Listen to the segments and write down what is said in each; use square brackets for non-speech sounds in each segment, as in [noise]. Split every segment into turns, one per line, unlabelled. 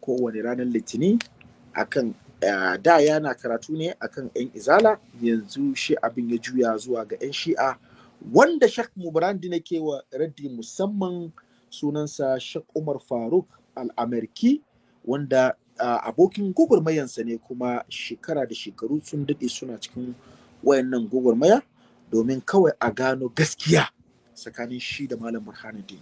kowane ranar litini akan da yana karatu ne akan 'yan izala yanzu shi abin ya juya zuwa ga 'yan shi'a wanda shak mubrandi na kewa raddi musamman sunansa shak umar faruk al'amarki wanda abokin gwagwarmayansa ne kuma shekara da shekaru sun daɗe suna cikin wayannan gogarmaya, domin kawai a gano gaskiya tsakanin shi da malam burhanuddin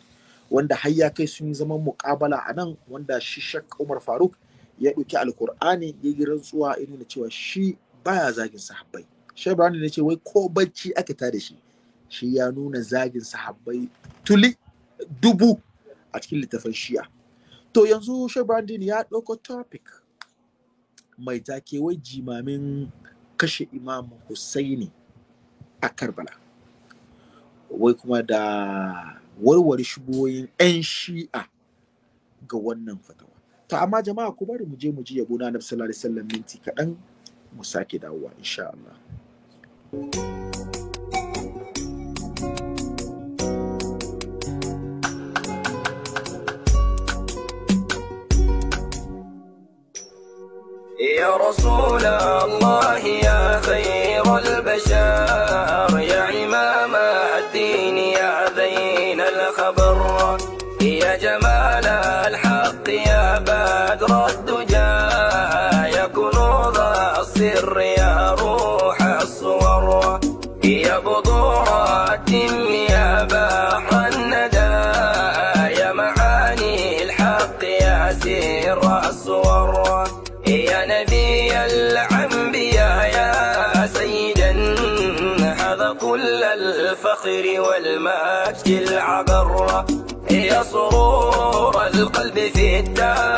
wanda har ya kai sun yi zaman muƙabala a nan wanda shi shak umar faruk ya ɗauki alkur'ani ya yi rantsuwa ya nuna cewa shi baya zagin sahabbai shi ba ne ce wai ko bacci aka ta da shi shi ya nuna zagin sahabbai tuli dubu a cikin littafin shi'a to yanzu shi ne ya ɗauko topic mai take wai jimamin kashe imam Hussaini a karbala wai kuma da warware shigoyin 'yan shi'a ga wannan fatawa ta amma jama'a kuma bari muje je mu ji yabo na annabi sallallahu alaihi wasallam minti kaɗan mu sake dawowa insha Allah
يا رسول الله يا خير البشر سرور القلب في الدار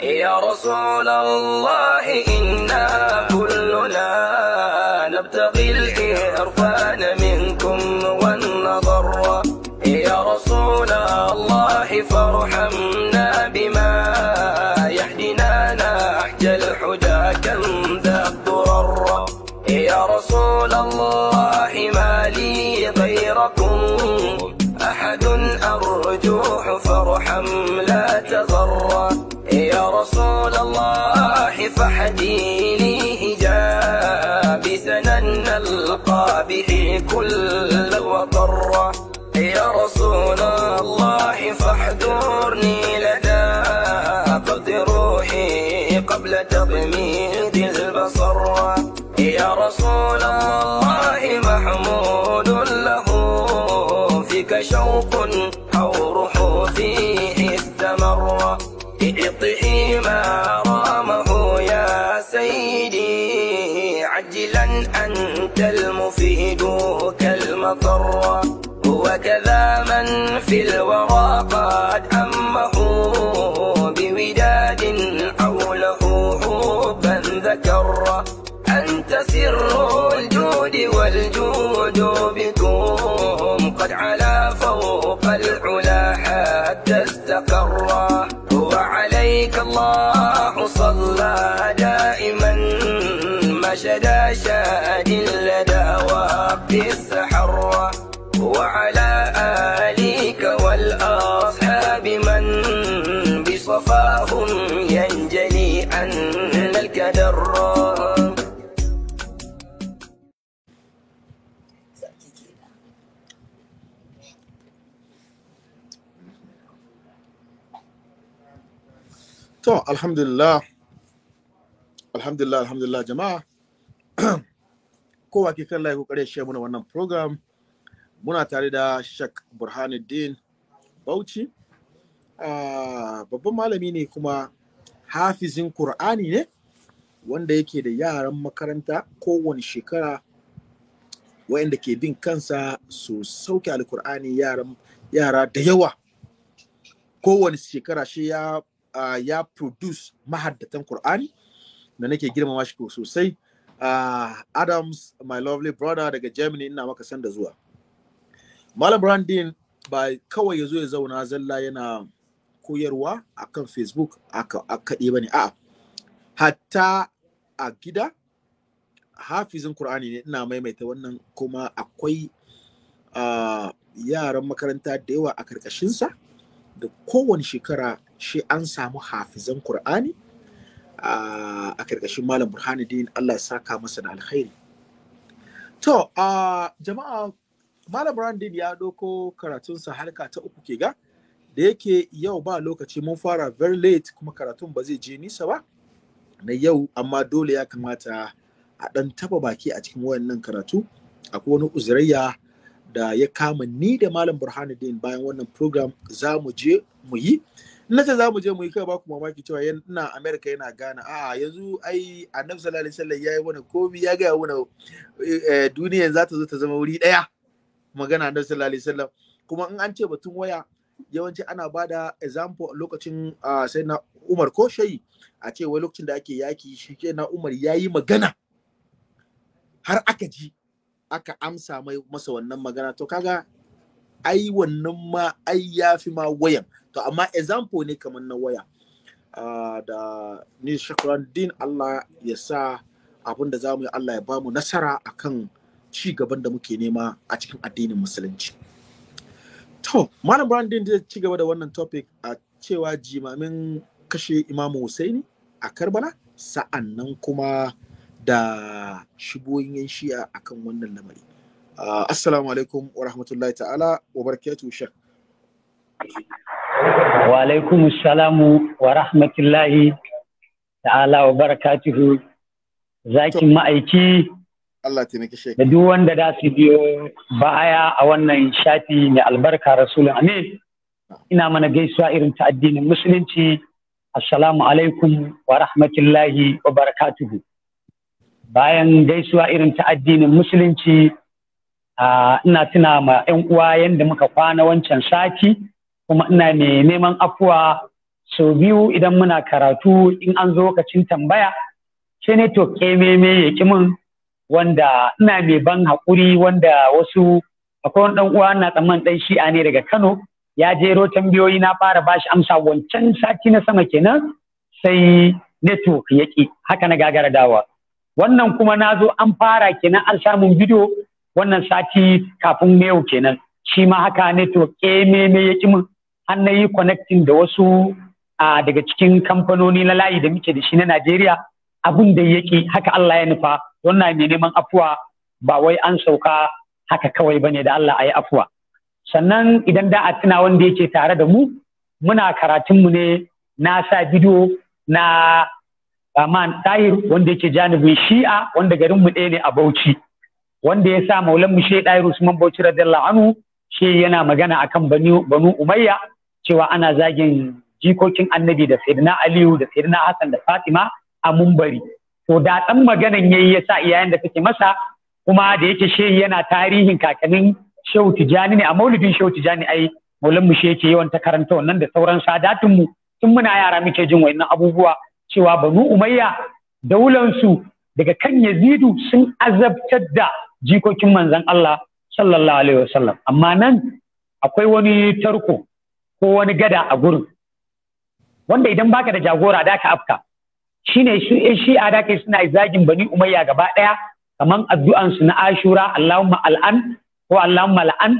يا رسول الله إنا كلنا نبتغي الإرفان منكم والنظر يا رسول الله فارحمنا بما يحدنا نحج الحجى كم ذا الضرر يا رسول الله ما لي غيركم أحد أرجوح فارحم الأرواح فحدي هجاب سنن القابح كل وضر في الورى قد أمه بوداد حوله حبا ذكر أنت سر الجود والجود بكم قد على فوق العلا حتى استقر وعليك الله صلى دائما مشدى شاد لدى وقت السحر وعلى To,
alhamdulillah, alhamdulillah, alhamdulillah jama'a, [clears throat] kowa ke kan layi kare shi muna wannan program muna tare da Shak Burhanuddin Bauchi, ah, babban malami ne kuma hafizin Kur'ani ne, wanda yake da yaran makaranta kowane shekara wa'inda ke bin kansa su sauke alkur'ani yara da yawa kowane shekara shi ya uh, produce mahaddatan Kur'ani da nake girmama shi sosai. Uh, Adams, my lovely brother daga Germany ina maka sanda zuwa. Malam Brandin ba kawai ya zo ya zauna zalla yana koyarwa akan Facebook aka kaɗe ba ne a'a. Hatta a gida hafizin Kur'ani ne ina maimaita wannan kuma akwai yaran makaranta da yawa a karkashinsa da kowane shekara shi an samu hafizan Kur'ani a karkashin Malam Burhanuddin Allah ya saka masa da alkhairi. To, jama'a Malam Burhanuddin ya doko karatunsa halka ta uku ke ga da yake yau ba lokaci mun fara very late kuma karatun ba zai je nisa ba. na yau amma dole ya kamata a ɗan taba baki a cikin wayannan karatu akwai wani uzurayya da ya kama ni da malam burhanuddin bayan wannan program za mu je mu yi na za mu je mu yi kai ba ku mamaki cewa yana america yana gana a yanzu ai annabi sallallahu alaihi wasallam yayi wani komi ya gaya wani eh, duniya za ta zo ta zama wuri daya magana annabi sallallahu alaihi wasallam kuma in an ce batun waya yawanci ana ba da example lokacin sai na umar ko shayi a ce wai lokacin da ake yaki shi ke na umar ya yi magana har aka ji aka amsa mai masa wannan magana to kaga ai wannan ma ai ya fi ma wayan to amma example ne kamar na waya da ni shakran din Allah ya sa abin da za mu yi Allah ya ba mu nasara akan ci gaban da muke nema a cikin addinin musulunci. To, Malam Brandon zai ci gaba da wannan topic a cewa jimamin kashe Imamu Husaini a Karbala, sa'an nan kuma da shigoyin yan shi'a a kan wannan lamari. Ah, assalamu alaikum wa rahmatullahi ta'ala wa barakatuhu shan.
Wa alaikum salamu wa rahmatullahi ta'ala wa barakatuhu zakin ma'aiki Allah taimaki shekaru. Da duk wanda da su biyo baya a wannan shafi mai albarka Rasulun Amin. Ina mana gaisuwa irin ta addinin Musulunci. Assalamu alaikum wa rahmatullahi wa barakatuhu. Bayan gaisuwa irin ta addinin Musulunci, ina tuna ma 'yan uwa yadda muka kwana wancan sati, kuma ina mai neman afuwa sau biyu idan muna karatu in an zo lokacin tambaya, sai ne to kememe ya ƙi min wanda ina mai ban haƙuri wanda wasu akwai wani ɗan uwa na tsamman ɗan shi'a ne daga Kano ya jero tambayoyi na fara bashi amsa wancan sati na sama kenan sai network ya ƙi haka na gagara dawa wannan kuma na zo an fara kenan an samu bidiyo wannan sati kafin yau kenan shi ma haka network ƙeme me ya ƙi min an na yi connecting da wasu daga cikin kamfanoni na layi da muke da shi na Najeriya abin da yake haka Allah ya nufa wannan mai neman afuwa ba wai an sauka haka kawai bane da Allah ayi afuwa sannan idan da a tuna wanda yake tare da mu muna karatun mu ne na sa bidiyo na aman Tahir wanda yake janibin Shi'a wanda garin mu ɗaya ne a Bauchi wanda ya sa maulan mu Sheikh Tahir Usman Bauchi radiyallahu anhu shi yana magana akan Banu Banu Umayya cewa ana zagin jikokin Annabi da Sayyidina Aliyu da Sayyidina Hassan da Fatima a mumbari to da ɗan maganan yayi ya sa iyayen da suke masa kuma da yake shehi yana tarihin kakannin shehu tijani ne a maulidin shehu tijani ai maulan mu shi yake yawan ta karanta wannan da sauran sadatun mu tun muna yara muke jin wa'annan abubuwa cewa banu umayya daulansu daga kan yazidu sun azabtar da jikokin manzon Allah sallallahu alaihi wasallam amma nan akwai wani tarko ko wani gada a gurin wanda idan baka da jagora da ka afka shine shi in shi a dake suna zagin bani umayya gaba daya kaman addu'an su na ashura allahumma al'an ko allahumma al'an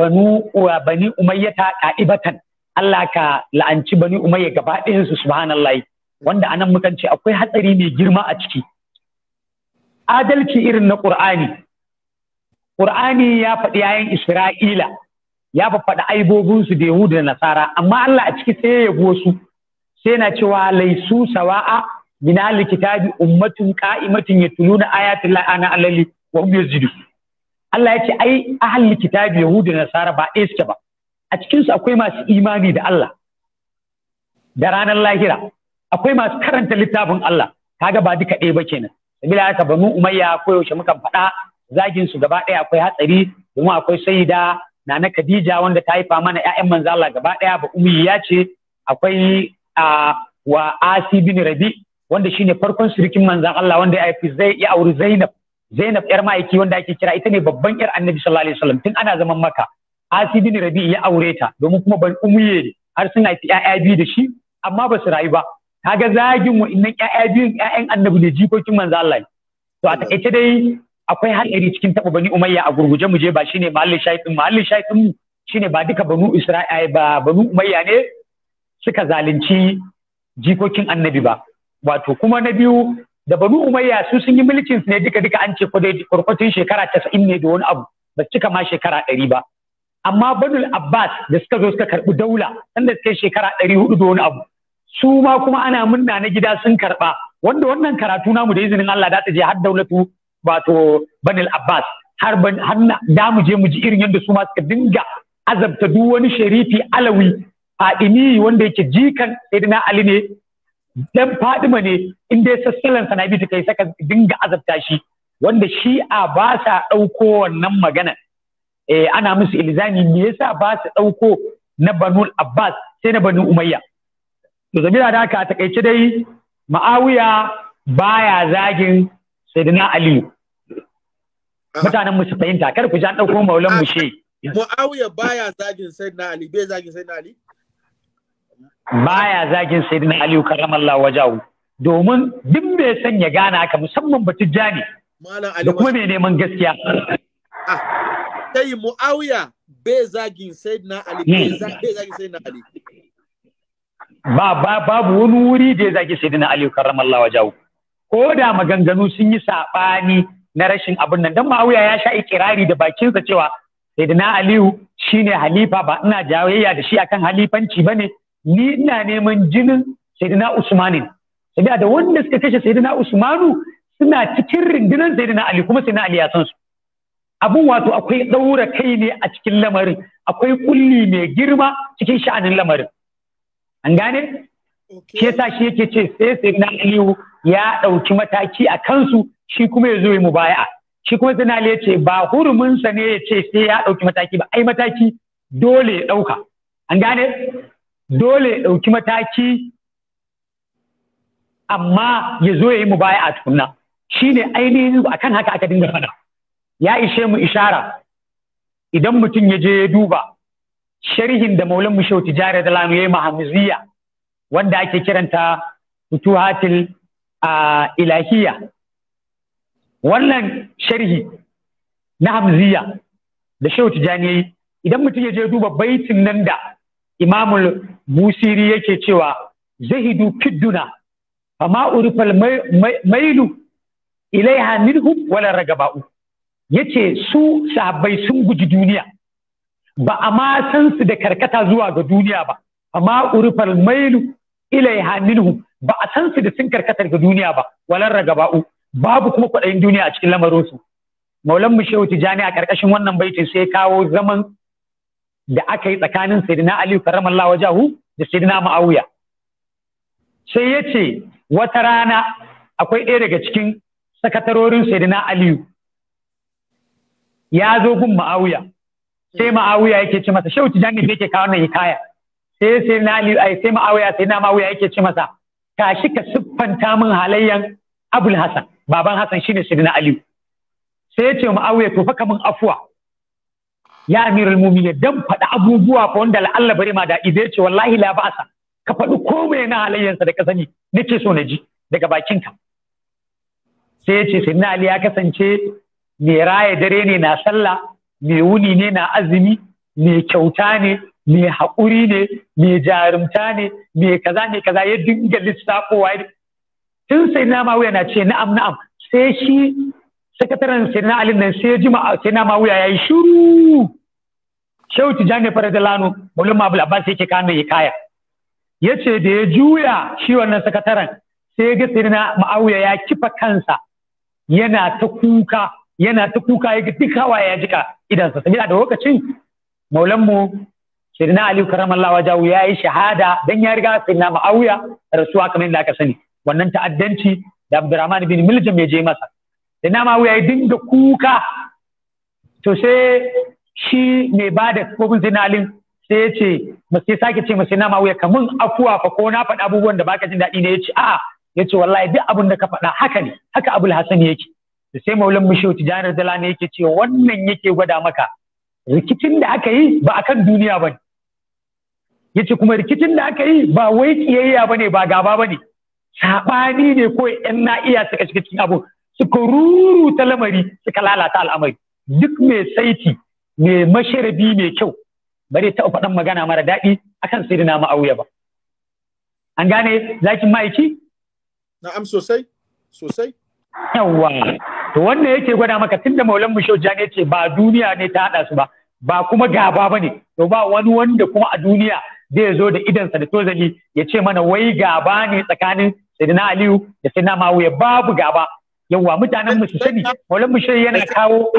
banu wa bani umayya ta qa'ibatan Allah ka la'anci bani umayya gaba ɗayan su subhanallahi wanda anan mukan ce akwai hatsari mai girma a ciki adalci irin na qur'ani qur'ani ya faɗi yayin isra'ila ya faɗi aibobinsu da yahudu da nasara amma Allah a ciki sai ya yabo su sai na cewa laisu sawa'a min ahli kitabi ummatun qa'imatun yatluna ayati llahi ana alali Allah ya ce ai ahli kitabi yahudu da nasara ba ɗaya suke ba a cikin akwai masu imani da Allah da ranar lahira akwai masu karanta littafin Allah kaga ba duka ɗaya ba kenan sabila haka banu umayya ko yaushe mukan faɗa Zaginsu gaba ɗaya akwai hatsari domin akwai sayyida nana Khadija wanda ta haifa mana ƴaƴan manzo Allah gaba ɗaya ba ummi ce akwai wa Asi Rabi wanda shine farkon surikin manzan Allah wanda ya haifi ya auri Zainab Zainab yar ma'aiki wanda ake kira ita ne babban yar Annabi sallallahu alaihi wasallam tun ana zaman maka, Asi bin Rabi ya aure ta domin kuma ban umuye ne har sun haifi ƴaƴa biyu da shi amma ba su rayu ba kaga zagin wa'annan ƴaƴa biyun ƴaƴan Annabi ne jikokin manzan Allah to a takaice dai akwai iri cikin taba bani umayya a gurguje mu je ba shine mahallin shaitin mahallin shaifin mu shine ba duka banu isra'ila eh, ba banu umayya ne suka zalunci jikokin annabi ba wato kuma na biyu da banu umayya su sun yi mulkin ne duka duka an ce kwarkwatin shekara casa'in ne da wani abu ba cika ma shekara ɗari ba amma banul abbas da suka zo suka karɓi daula sanda suka shekara ɗari hudu da wani abu su ma kuma ana munna na gida sun karɓa wanda wannan karatu namu da izinin Allah da ta je har daulatu wato banul abbas har ban da mu je mu ji irin yadda su ma suka dinga azabta duk wani sharifi alawi fadimi wanda yake jikan sayyidina ali ne dan Fatima ne in dai sassalan na bi kai saka dinga azabta shi wanda shi'a ba sa ɗauko wannan magana eh ana musu ilzami me yasa ba su ɗauko na Banu Abbas sai na Banu Umayya to zabira da haka a takaice dai Ma'awiya baya zagin Sayyidina Ali, ah. mutanen mu su fahimta kar ku ji an ɗauko maulan mu ah. she Muawiya baya
zagin Sayyidina Ali bai zagin Sayyidina Ali
baya zagin sayyidina aliyu karamallahu wajahu domin duk bai san ya gana haka musamman ba ne
da kuma mai neman gaskiya sai ah, muawiya bai zagin sayyidina ali bai hmm. zagin sayyidina ali
ba ba babu wani wuri da ya zagi sayyidina ali karramallahu wajahu ko da maganganu sun yi sabani na rashin abin nan dan muawiya ya sha ikirari da bakinsa cewa sayyidina aliyu shine halifa ba ina jawayya da shi akan halifanci bane ni ina neman jinin sayyidina usmanin saboda da wanda suka kashe sayyidina usmanu suna cikin rundunar sayyidina ali kuma sayyidina ali ya san su abun wato akwai ɗaura kai ne a cikin lamarin akwai kulli mai girma cikin sha'anin lamarin an gane shi yasa shi yake ce sai sayyidina aliyu ya ɗauki mataki a kansu shi kuma ya zo mubaya'a shi kuma sayyidina ali ya ce ba huruminsa ne ya ce sai ya ɗauki mataki ba ai mataki dole ya ɗauka an gane dole ya ɗauki mataki amma ya zo ya yi mu baya a tukunna shine ainihin kan haka aka dinga faɗa ya ishe mu ishara idan mutum ya je ya duba sharhin da maulan mu shauti jare da lamu yayi mahamziya wanda ake kiranta futuhatil a ilahiya wannan sharhi na hamziya da shauti jani idan mutum ya je duba baitin nan da imamul busiri yake cewa zahidu fidduna fama urifal mailu ilaiha minhum wala ragaba'u yace su sahabbai sun guji duniya ba a san su da karkata zuwa ga duniya ba amma urifal mailu ilaiha minhum ba a san su da sun karkata ga duniya ba wala ragaba'u babu kuma kwaɗayin duniya a cikin lamarinsu maulan mu shehu tijani a karkashin wannan baitin sai kawo zaman da aka yi tsakanin sayyidina Ali karramallahu wajahu da sayyidina Muawiya sai ya ce wata rana akwai ɗaya daga cikin sakatarorin sayyidina Aliyu ya zo gun Muawiya sai Muawiya yake ce masa shauti jami'i ne yake kawo nan hikaya sai sayyidina Aliyu ai sai Muawiya sayyidina Muawiya yake ce masa tashi ka siffanta min halayyan Abul Hasan baban Hassan shine sayyidina Aliyu sai ya ce Muawiya to fa kamun afuwa ya amirul mumini dan faɗi abubuwa fa wanda Allah bari ma da idai ce wallahi la ba'asa ka faɗi komai na halayyansa da ka sani nake so na ji daga bakinka sai ya ce Ali ya kasance mai raya dare ne na sallah mai wuni ne na azumi mai kyauta ne mai haƙuri ne mai jarumta ne mai kaza ne kaza ya dinga lissafowa tun sai na mawuya na ce na'am na'am sai shi sakataren sai na alin nan sai ya ji ma sai na mawuya ya yi shiru shehu tijani faradalanu mulama abul abbas yake kano ya kaya yace da ya juya shi wannan sakataren sai ga sirina ma'auya ya kifa kansa yana ta kuka yana ta kuka ya duk hawa ya jika idansa sabila da lokacin maulanmu sirina aliyu karamallah wajawu ya yi shahada dan ya riga sirina ma'auya rasuwa kamar yadda aka sani wannan ta'addanci da abdurrahman bin miljam ya je masa sirina ma'auya ya dinga kuka to sai shi mai ba da kogin zinalin sai ya ce sai sake ce masu nama wuya kamun afuwa fa ko na faɗa abubuwan da baka jin daɗi ne ya ce a'a ya ce wallahi duk abin da ka faɗa haka ne haka abul hasan yake da sai maulan mushehu tijanar dala ne yake ce wannan yake gwada maka rikicin da aka yi ba a kan duniya ba ne ya ce kuma rikicin da aka yi ba wai ƙiyayya ba ne ba gaba ba ne saɓani ne ko yan na iya suka shiga cikin abu suka ta lamari suka lalata al'amari duk mai saiti mai masharabi mai kyau ba zai faɗan magana mara daɗi akan sayyidina ma'auya ba an gane zakin ma'aiki
na'am sosai sosai
yawa to wannan yake gwada maka tunda maulan mu shauja ne ce ba duniya ne ta haɗa su ba ba kuma gaba ba ne to ba wani wanda kuma a duniya zai zo da idansa da tozali ya ce mana wai gaba ne tsakanin sayyidina aliyu da sayyidina Mawuya babu gaba yawa mutanen mu su sani maulan mu yana kawo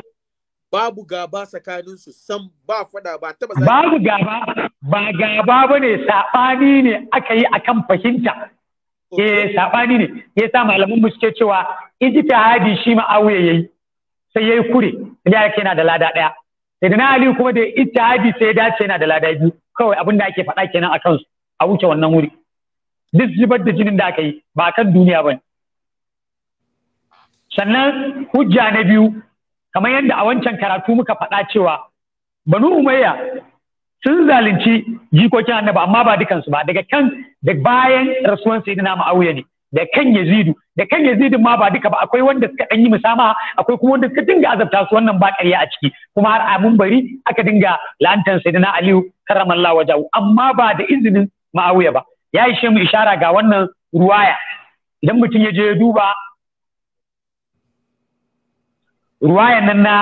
babu gaba tsakanin su san ba fada ba taba babu gaba
ba gaba bane sabani ne aka yi akan fahimta eh sabani ne yasa malaman mu suke cewa hadi shi ma auye yayi sai yayi kure ya yake yana da lada daya sai na ali kuma da hadi sai ya dace yana da lada biyu kawai abin da ake faɗa kenan akan su a wuce wannan wuri duk zubar da jinin da aka yi ba kan duniya bane sannan hujja na biyu kamar yadda a wancan karatu muka faɗa cewa banu umayya sun zalunci jikokin annaba. amma ba dukansu ba daga kan da bayan rasuwan na Ma'auya ne da kan yazidu da kan yazidu ma ba duka ba akwai wanda suka dan yi musama akwai kuma wanda suka dinga azabta su wannan ba a ciki kuma har amun bari aka dinga la'antar sayyidina aliyu karramallahu wajahu amma ba da izinin Ma'auya ba ya ishe mu ishara ga wannan ruwaya idan mutum ya je ya duba ruwayan nan na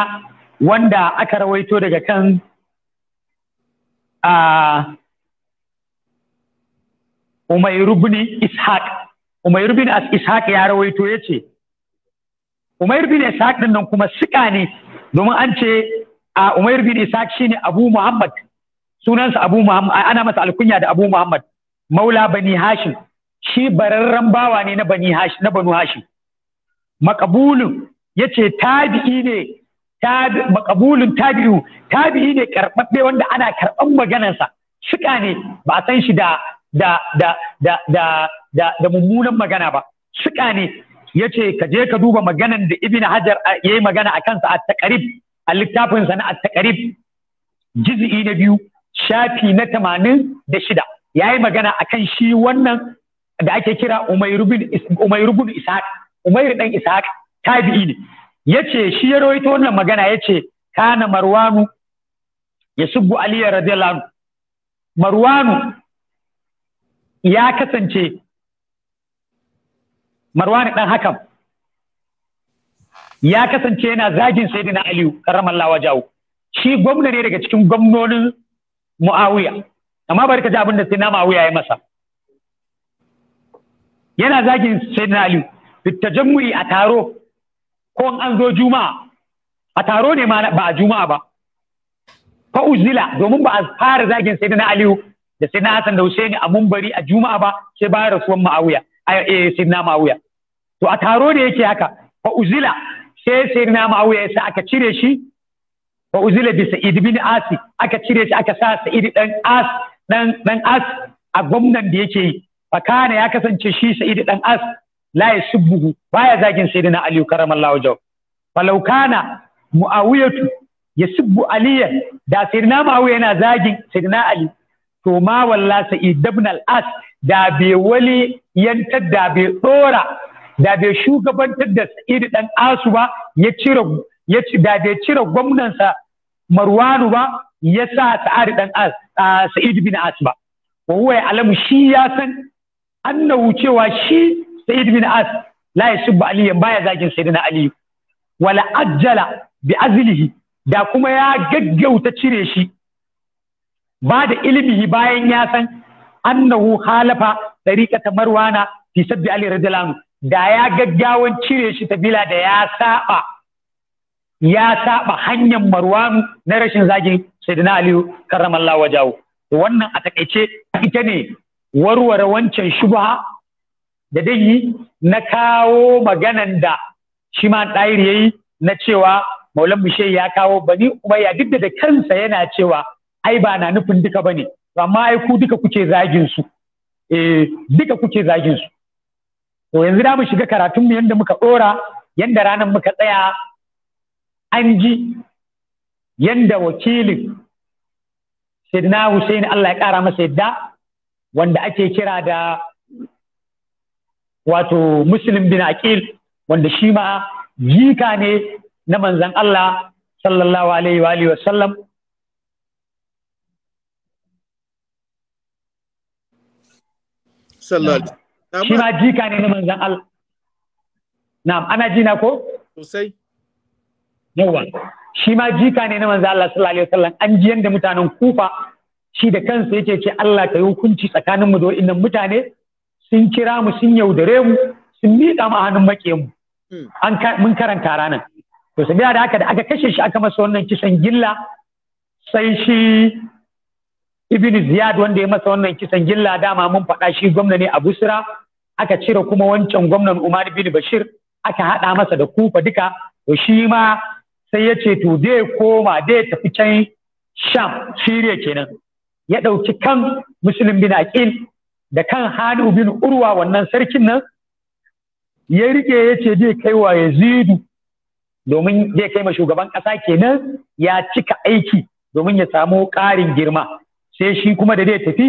wanda aka rawaito daga kan Umairu bin Ishaq Umairu bin Ishaq ya rawaito ya ce Umairu bin Ishaq din nan kuma suka ne domin an ce a Umairu bin Ishaq shine Abu Muhammad sunansa Abu Muhammad ana masa alkunya da Abu Muhammad Maula Bani Hashim shi bararren bawa ne na Bani Hashim na Banu Hashim makabulun Ya yace tabi'i ne makabulun tabi'u tabi'i ne karɓaɓɓe wanda ana karɓar maganansa shika ne ba a san shi da da da mummunan magana ba shika ne Ya ce ka je ka duba maganan da ibn hajar yi magana a kansa a taqrib a littafinsa na a taqrib jizi'i na biyu shafi na tamanin da shida ya yi magana a kan shi wannan da ake kira Umairu bin Ishaq Umairu dan Ishaq tabi'i ne yace shi ya rawaito wannan magana yace kana marwanu Ya yasubbu ali radiyallahu anhu marwanu ya kasance marwanu dan hakan ya kasance yana zagin sayyidina aliyu karramallahu wajahu shi gwamna ne daga cikin gwamnonin muawiya amma bari ka ji abin da sayyidina muawiya ya masa yana zagin sayyidina aliyu bitajammu'i a taro ko in an zo juma'a a taro ne ma ba a juma'a ba fa uzila domin ba a fara zagin sai na aliyu da sai na hasan da husaini a mumbari a juma'a ba sai bayan rasuwan ma'awiya eh sai na ma'awiya to a taro ne yake haka fa uzila sai sai na ma'awiya sai aka cire shi fa uzila bi sa'id bin asi aka cire shi aka sa sa'id dan as dan dan as a gwamnan da yake yi fa kana ya kasance shi sa'id dan as la yasubbuhu baya zagin sayyidina Ali karamallahu wajhu falau kana muawiyatu yasubbu aliyan da sayyidina muawiya yana zagin sayyidina Ali to ma walla sa'id ibn al-as da bai wali yantar da bai dora da bai shugabantar da sa'id dan asu ba ya cire ya da bai cire gwamnansa marwanu ba ya sa sa'ad dan as sa'id bin as ba wa huwa alamu shi ya san annahu cewa shi sa'id bin as la yashubbu aliyan baya zagin sayyidina ali wala ajjala bi azlihi da kuma ya gaggauta cire shi ba da ilmihi bayan ya san annahu khalafa tariqata marwana fi sabbi ali radiyallahu da ya gaggawan cire shi tabila da ya saɓa ya saba hanyar marwanu na rashin zagin sayyidina aliyu karramallahu wajahu wannan a takaice ita ne warware wancan shubha da dai na kawo maganan da shi ma ɗairi ya yi na cewa maulan bishe ya kawo ba ni. ya duk da kansa yana cewa ai ba na nufin duka ba ne amma ai ku duka kuke zagin su eh duka kuke zagin su to yanzu da mu shiga karatun mu yanda muka dora yanda ranar muka tsaya an ji yanda wakilin sidna Hussein Allah ya kara masa yadda wanda ake kira da wato muslim bin aqil wanda shi ma jika ne na manzan Allah sallallahu alaihi wa alihi wasallam shi ma jika ne na manzan Allah na'am ana jina ko sosai yawa shi ma jika ne na manzan Allah sallallahu alaihi wasallam an ji yanda mutanen kufa shi da kansa yake ce Allah ka yi hukunci tsakanin mu da waɗannan mutane sun kira mu sun yaudare mu sun miƙa mu a hannun maƙe mu hmm. mun karanta ranar to sabila da haka da aka kashe shi aka masa wannan kisan gilla sai shi ibn ziyad wanda ya masa wannan kisan gilla dama mun faɗa shi gwamna ne a busra aka cire kuma wancan gwamnan umar bin bashir aka haɗa masa da kufa duka to shi ma sai ya ce to zai koma zai tafi can sham shirya kenan ya ɗauki kan musulun bin aqil da kan hani bin urwa wannan sarkin nan ya rike ya ce zai kai wa yazidu domin zai kai ma shugaban ƙasa kenan ya cika aiki domin ya samu ƙarin girma sai shi kuma da zai tafi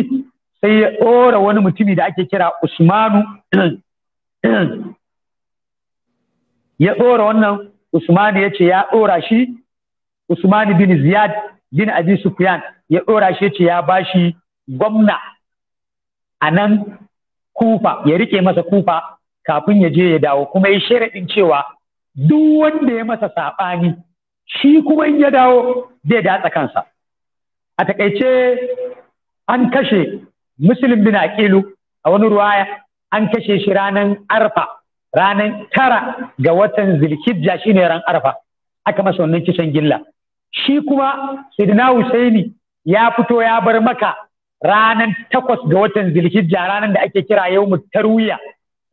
sai ya ɗora wani mutumi da ake kira usmanu [clears throat] ya ɗora wannan usmanu ya ce ya ɗora shi usmanu bin ziyad bin abi sufyan ya ɗora shi ya ce ya bashi gwamna a nan kufa ya rike masa kufa kafin ya je ya dawo kuma ya sharaɗin cewa duk wanda ya masa saɓani shi kuma in ya dawo zai datsa kansa a takaice an kashe musulun bin aqilu a wani ruwaya an kashe shi ranar arfa ranar tara ga watan zilhijja shine ran arfa aka masa wannan kisan gilla shi kuma sidina husaini ya fito ya bar maka ranar takwas ga watan zilhijja ranar da ake kira yau tarwiya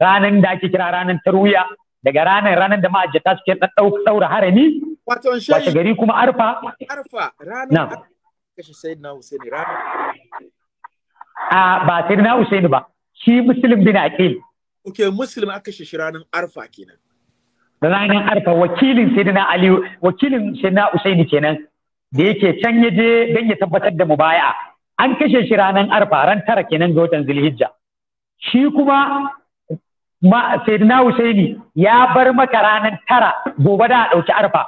ranar da ake kira ranar taruya daga ranar ranar da ma'ajjata suke ɗaura harami wace gari kuma arfa
arfa ranar
a ba sayyidina usaini ba shi muslim bin aqil
okay muslim aka shi ranar arfa kenan
ranar arfa wakilin sayyidina ali wakilin sayyidina usaini kenan da yake can yaje dan ya tabbatar da mubaya'a an kashe shi ranar arfa ran tara kenan ga watan zulhijja shi kuma ma sayyidina husaini ya bar maka ranar tara gobe da a ɗauki arfa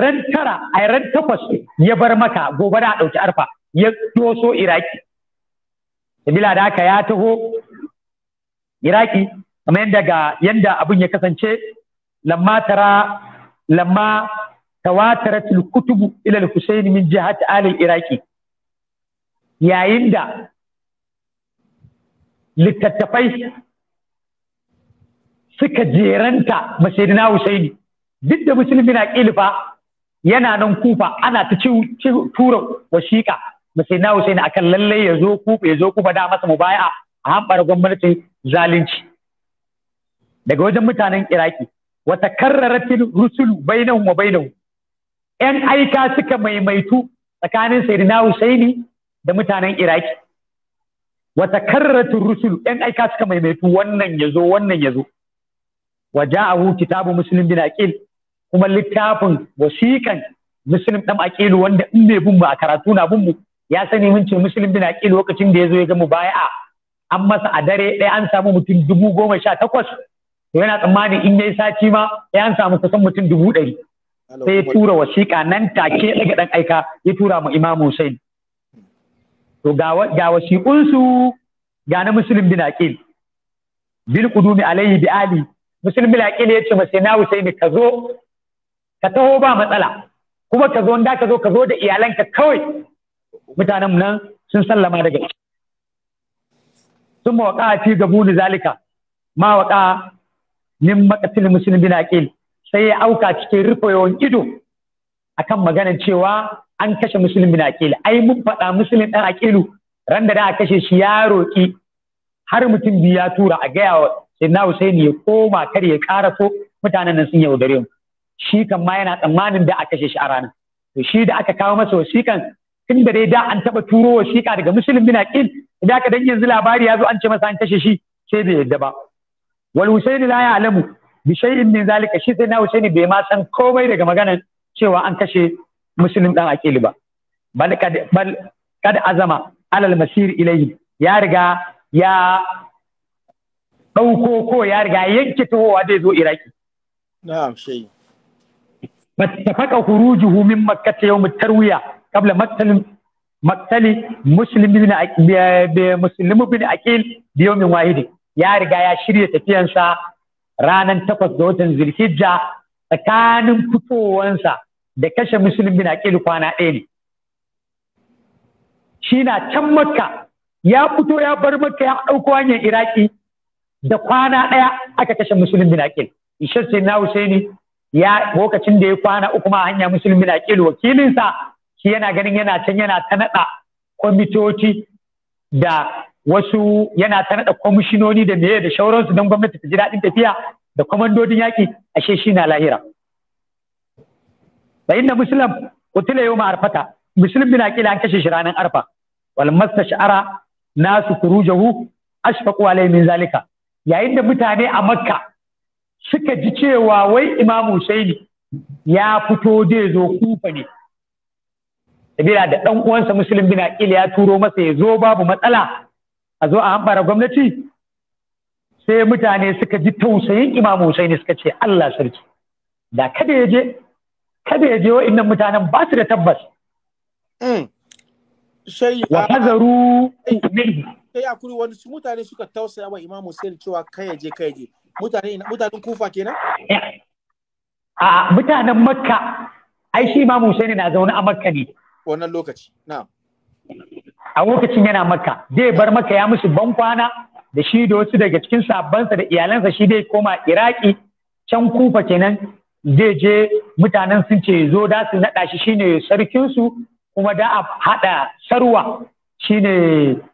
ran tara ai ran takwas ya bar maka gobe da a ɗauki arfa ya doso iraki bila da haka ya taho iraki kamar yadda ga yanda abin ya kasance lamma tara lamma tawatarat al-kutub ila al-husayn min jihat al-iraqi yayin da littattafai suka jeranta mashaidina Husaini duk da musulmi na kilifa yana nan kufa ana ta ci tura wasiƙa mashaidina a akan lallai ya zo kufa ya zo kufa da masa baya, a hambar gwamnatin zalunci daga wajen mutanen Iraki wata karraratin rusulu bainahu wa bainahu yan aika suka maimaitu tsakanin sayyidina Husaini da mutanen iraki wata karratu rusulu yan aika suka maimaitu wannan ya zo wannan ya zo wa ja'ahu kitabu Musulun bin aqil kuma littafin wasiƙan Musulun ɗan Aqilu wanda in mai bin mu a karatu na bin mu ya sani mun ce Musulun bin aqil lokacin da ya zo ya ga mubaya'a an masa a dare ɗaya an samu mutum dubu goma sha takwas To yana tsammanin in ya yi sati ma ya an samu kusan mutum dubu ɗari sai ya tura wasiƙa nan take ɗaga ɗan aika ya tura ma imam Hussein to ga wasiƙunsu ga na musulun bin aqil bil qudumi alayhi bi ali musulun bin aqil ya ce sai na husaini ka zo ka taho ba matsala kuma ka zo da ka zo ka zo da iyalanka kawai mutanen nan sun sallama daga shi. sun mawaƙa fi gabuni zalika ma waƙa min maqatil musulun bin aqil sai ya auka cikin rufewan ido akan maganar cewa an kashe musulun bin akila ai mun faɗa musulun ɗan akilu ran da da kashe shi ya roƙi har mutum biyu ya tura a gaya wa sayyidina Husaini ya koma kar ya karaso mutanen nan sun yaudare mu shi kan ma yana tsammanin da a kashe shi a ranar to shi da aka kawo masa wasikan, tun da dai da an taɓa turo wasika daga musulun bin aqil idan aka dan yanzu labari ya zo an ce masa an kashe shi sai bai yadda ba wal husaini la ya'lamu bi shay'in min zalika shi sai na husaini bai ma san komai daga maganar cewa an kashe Musulun dan akili ba bal kad bal kad azama alal masir ilayhi ya riga ya ɗauko ko ya riga yanke tohowa zai zo iraki na'am shi fattafaka khurujuhu min makkah yawm tarwiya qabla maktalin maktali muslim bin muslim bin akil bi yawmin wahid ya riga ya shirya tafiyansa ranar takwas ga watan zulhijja tsakanin fitowansa da kashe musulun na kwana ɗaya ne shi na can makka ya fito ya bar makka ya ɗauko hanyar iraki da kwana ɗaya aka kashe musulun na aqil ishar sai na husaini ya lokacin da ya kwana uku ma hanya musulun bin wakilinsa shi yana ganin yana can yana ta naɗa kwamitoci da wasu yana ta naɗa kwamishinoni da meye da shauransu don gwamnati ta ji daɗin tafiya da kwamandodin yaƙi ashe shi na lahira fa inna muslim qutila yawma arfata muslim bin aqil an kashe shi ranar arfa wal mastashara nasu kurujahu ashfaqu alayhi min zalika yayin da mutane a makka suka ji cewa wai imam husaini ya fito zai zo kufa ne sabila da dan uwansa muslim bin kila ya turo masa ya zo babu matsala a zo a hambara gwamnati sai mutane suka ji tausayin imam husaini suka ce Allah sarki da kada ya je kada ya je wa'annan mutanen ba su da tabbas mm. wa hazaru minhu
sai akuri wani su mutane suka tausaya wa Imam Hussein cewa kai ya je kai ya je mutane mutanen Kufa kenan
a mutanen Makka
ai shi Imam Hussein na zaune a Makka
ne wannan lokaci na'am a lokacin yana Makka zai bar Makka ya musu ban kwana da shi da wasu daga cikin sabansa da iyalansa shi dai koma Iraki can Kufa kenan zai je mutanen sun ce zo da su naɗa shi shine sarkinsu kuma da a haɗa sarwa shine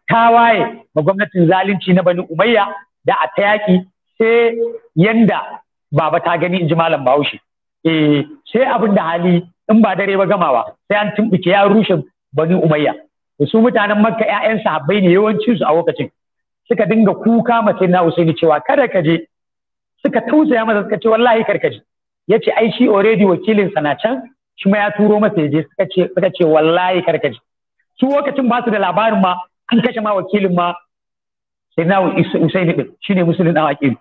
tawaye ga gwamnatin zalunci na bani umayya da a ta yaƙi sai yanda baba ta gani in ji malam bahaushe eh sai abin da hali in ba dare ba gamawa sai an tumbuke ya rushe bani umayya su mutanen makka 'ya'yan sahabbai ne yawancin su a lokacin suka dinga kuka mace na usaini cewa kada ka je suka tausaya masa suka ce wallahi je. ya ce ai shi already wakilinsa na can shi ma ya turo masa ya je suka ce wallahi karkaji su lokacin ba su da labarin ma an kashe ma wakilin ma sai na usaini din shine musulun dan wakili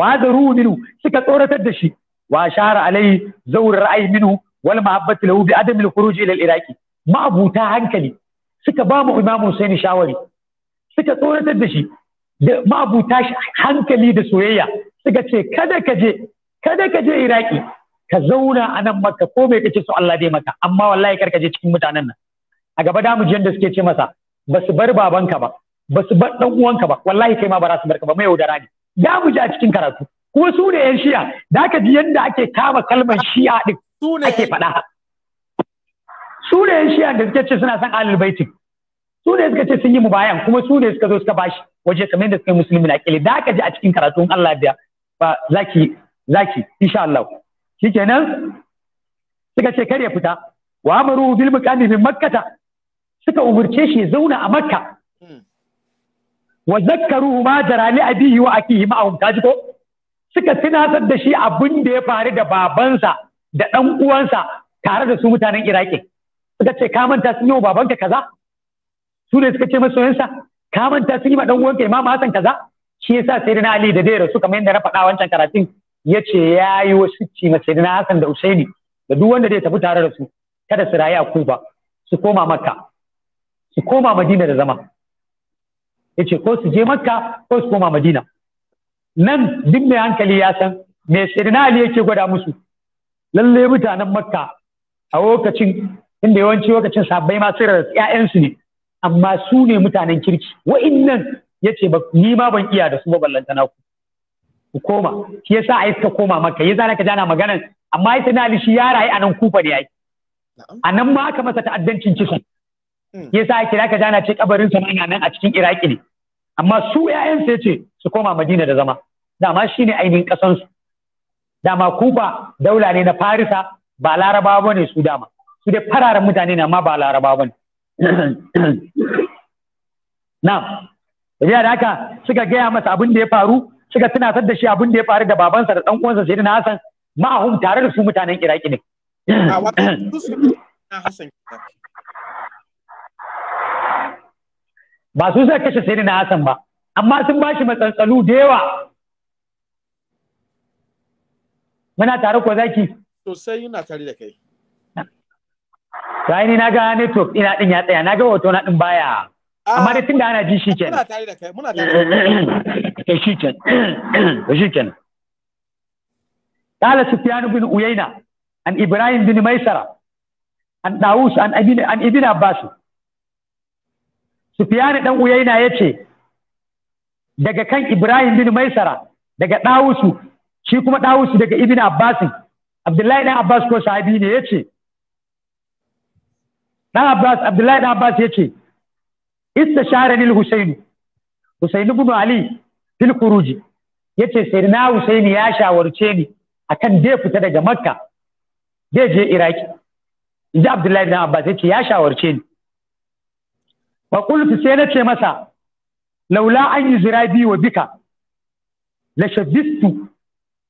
wa zaru minu suka tsoratar da shi wa shara alai zawr ra'ayi minu wal mahabbati lahu bi adami al khuruj ila al iraqi ma'abuta hankali suka ba mu imamu usaini shawari suka tsoratar da shi da ma'abuta hankali da soyayya suka ce kada ka je kada ka je iraki ka zauna a nan maka ko bai kace so Allah dai maka amma wallahi kar ka je cikin mutanen nan a gaba da mujiyan da suke ce masa ba su bar babanka ba ba su bar dan uwanka ba wallahi kai ma ba za su bar ka ba mai yaudara ne da mu a cikin karatu kuma su ne yan shi'a da ka ji yadda ake kama kalmar shi'a din ake faɗa su ne yan shi'a da suke ce suna son alul baitin su ne suka ce sun yi mubayan kuma su ne suka zo suka bashi waje kamar yadda suka yi musulmi na kili da ka ji a cikin karatu in Allah ya ba za ki zaki insha Allah shikenan suka ce kar ya fita wa amaru bil muqami min makkata suka umurce shi zauna a makka hmm. wa zakkaru ma jara li abihi wa akihi hum kaji ko suka tunatar da shi abin da ya faru da babansa da dan uwansa tare da su mutanen iraki suka ce ka manta sun yi wa babanka kaza su ne suka ce masoyansa ka manta sun yi ma dan uwanka imam hasan kaza shi yasa sai na ali da dai rasu kamar yadda na faɗa wancan karatun ya ce ya yi wasu mace na Hassan da Usaini da duk wanda zai tafi tare da su kada su rayu a Kuba su koma Makka su koma Madina da zama ya ce ko su je Makka ko su koma Madina nan duk mai hankali ya san mai sirina Ali yake gwada musu lalle mutanen Makka a lokacin inda yawanci lokacin sabbai ma sirra ƴaƴansu ne amma su ne mutanen kirki wa'innan ya ce ni ma ban iya da su ba ballantana ku ku koma shi yasa ai suka koma maka yasa naka jana maganan amma ai tana shi ya rayu anan kufa ne A nan ma aka masa ta'addancin ciki hmm. yasa ake naka jana ce kabarin sa nan a cikin Iraki ne amma su yayan sa yace su koma Madina da zama dama shine ainihin kasan su dama kufa daula ne na Farisa ba Laraba bane su dama su dai fararen mutane ne amma ba Laraba bane [clears throat] na da haka suka gaya masa abin da ya faru suka tunatar da shi abin da ya faru da babansa da ɗan'uwansa, uwansa sai na Hassan ma'ahun tare da su mutanen Iraki ne ba su suka kashe sai na Hassan ba amma sun ba shi matsantsalu da yawa muna tare ko zaki
sosai yana tare da kai
Sai ni na ga network ina din ya tsaya na ga hoto na din baya amma dai tunda ana ji shi kenan muna tare da kai muna tare da kai eh, shi kenan eh, shi kenan قال سفيان بن أيينة عن إبراهيم بن ميسرة عن داووس عن ابن عن ابن عباس daga kan Ibrahim bin Maisara daga Dawusu shi kuma Dawusu daga Ibn Abbas Abdullahi dan Abbas ko sahabi ne ce. dan Abbas Abdullahi dan Abbas ya ce. istasharani lil husaini husaini ibn ali fil khuruji yace sayyidina Husaini ya shawarce ni akan dai fita daga makka dai je iraki inji abdullahi ibn abbas yace ya shawarce ni wa qultu sai na ce masa laula an yuzira bi wa bika la shaddistu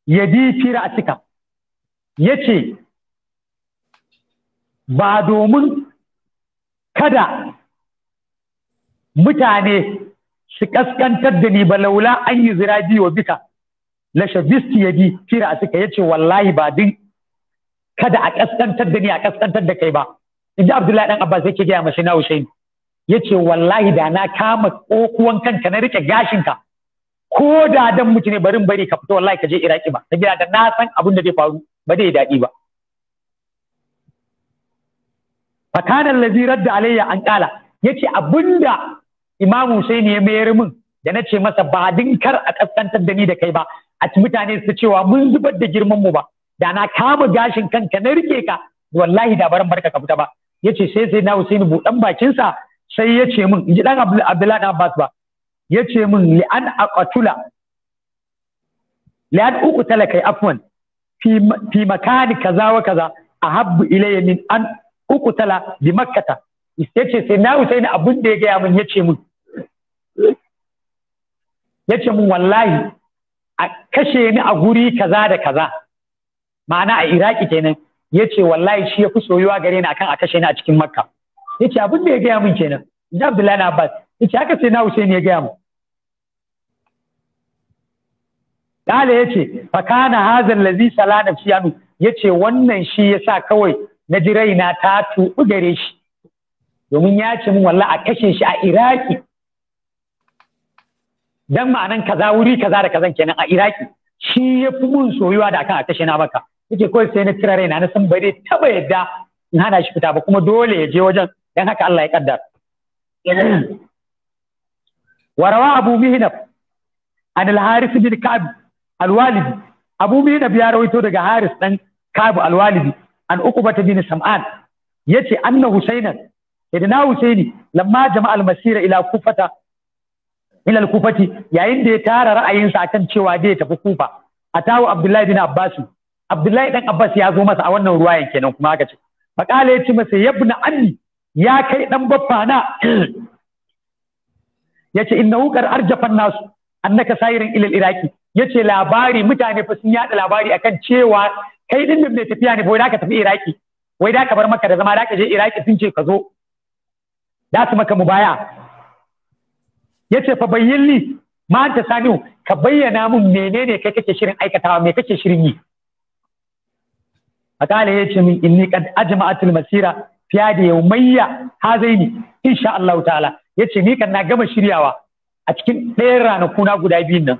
yadi fi ra'sika yace ba domin kada mutane su kaskantar da ni ba laula an yi zira wa bika la shabisti yadi kira suka yace wallahi ba din kada a kaskantar da ni a kaskantar da kai ba inda abdullahi dan abbas yake gaya mashi na hussein yace wallahi da na kama kokuwan kanka na rike gashin ka ko da dan mutu ne barin bari ka fito wallahi ka je iraki ba saboda da na san abin da zai faru ba zai dadi ba فكان الذي radda Alayya an kala yace abinda Imam Hussein ya mayar min da na ce masa ba dinkar a kaskantar da ni da kai ba a ci mutane su cewa mun zubar da girman mu ba da na kama gashin kanka na rike ka wallahi da baran barka ka fita ba yace sai sai na Husaini budan bakin sa sai yace min inji dan Abdullahi dan Abbas ba yace min li an aqatula li an uqtala kai afwan fi fi makani kaza wa kaza ahabbu ilayya min an uqtala bi makkata ya ce sai na ni abin da ya gaya min ya ce min ya ce min wallahi a kashe ni a guri kaza da kaza ma'ana a iraki kenan ya ce wallahi shi ya fi soyuwa gare ni akan a kashe ni a cikin makka ya ce abin da ya gaya min kenan ina abdullahi na abbas ya ce haka sai na ni ya gaya min Dala ya ce, fakana hazan lazi sala nafsiyanu ya ce wannan shi ya sa kawai na ji raina ta tuɓi gare shi. domin ya ce min walla a kashe shi a iraki dan ma'anan kaza wuri kaza da kazan kenan a iraki shi ya fi mun soyuwa da akan a kashe na maka yake kawai sai na tira raina na san dai taba yadda in hana shi fita ba kuma dole ya je wajen dan haka Allah ya
kaddara
warawa abu mihnab an al-haris bin Kab al walid abu mihnab ya rawaito daga haris dan Kab al walid an uqbata bin sam'an yace anna husainan sayyidina husaini lamma jama'al masira ila kufata ila kufati yayin da ya tara ra'ayinsa akan cewa zai tafi kufa atawo abdullahi bin abbas abdullahi dan abbas ya zo masa a wannan ruwayan kenan kuma aka ce faqala ya ce masa yabna anni ya kai dan baffa na yace innahu qad arjafan nasu annaka sayirin ilal iraki yace labari mutane fa sun yada labari akan cewa kai din da mai tafiya ne wai da ka tafi iraki wai da ka bar maka da zama da ka je iraki sun ce ka zo Za su maka mubaya yace fa bayyilli ma anta Saniu, ka bayyana mun menene kai kake shirin aikatawa me kake shirin yi ya yace min inni kad ajma'atul masira fiya da yaumayya hazaini insha Allah ta'ala yace ni kan na gama shiryawa a cikin ɗayan ranaku na guda biyun nan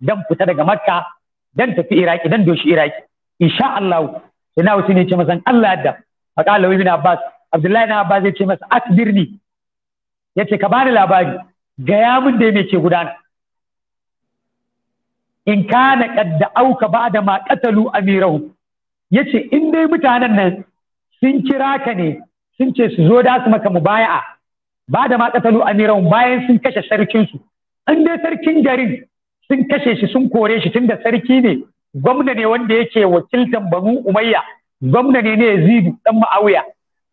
dan fita daga makka dan tafi iraki dan doshi iraki insha Allah ina wasu ne ce masan Allah yadda fakala ibn abbas abdullahi ibn abbas ce masa akbirni ya ce ka ba ni labari gaya min da me ke gudana in kana kadda auka ba da ma katalu amirahu ya ce in dai mutanen nan sun kira ka ne sun ce su zo da su maka mubaya'a ba da ma katalu amirahu bayan sun kashe sarkinsu in dai sarkin garin sun kashe shi sun kore shi tunda sarki ne gwamna ne wanda yake wakiltan banu umayya gwamna ne ne yazidu dan ma'awiya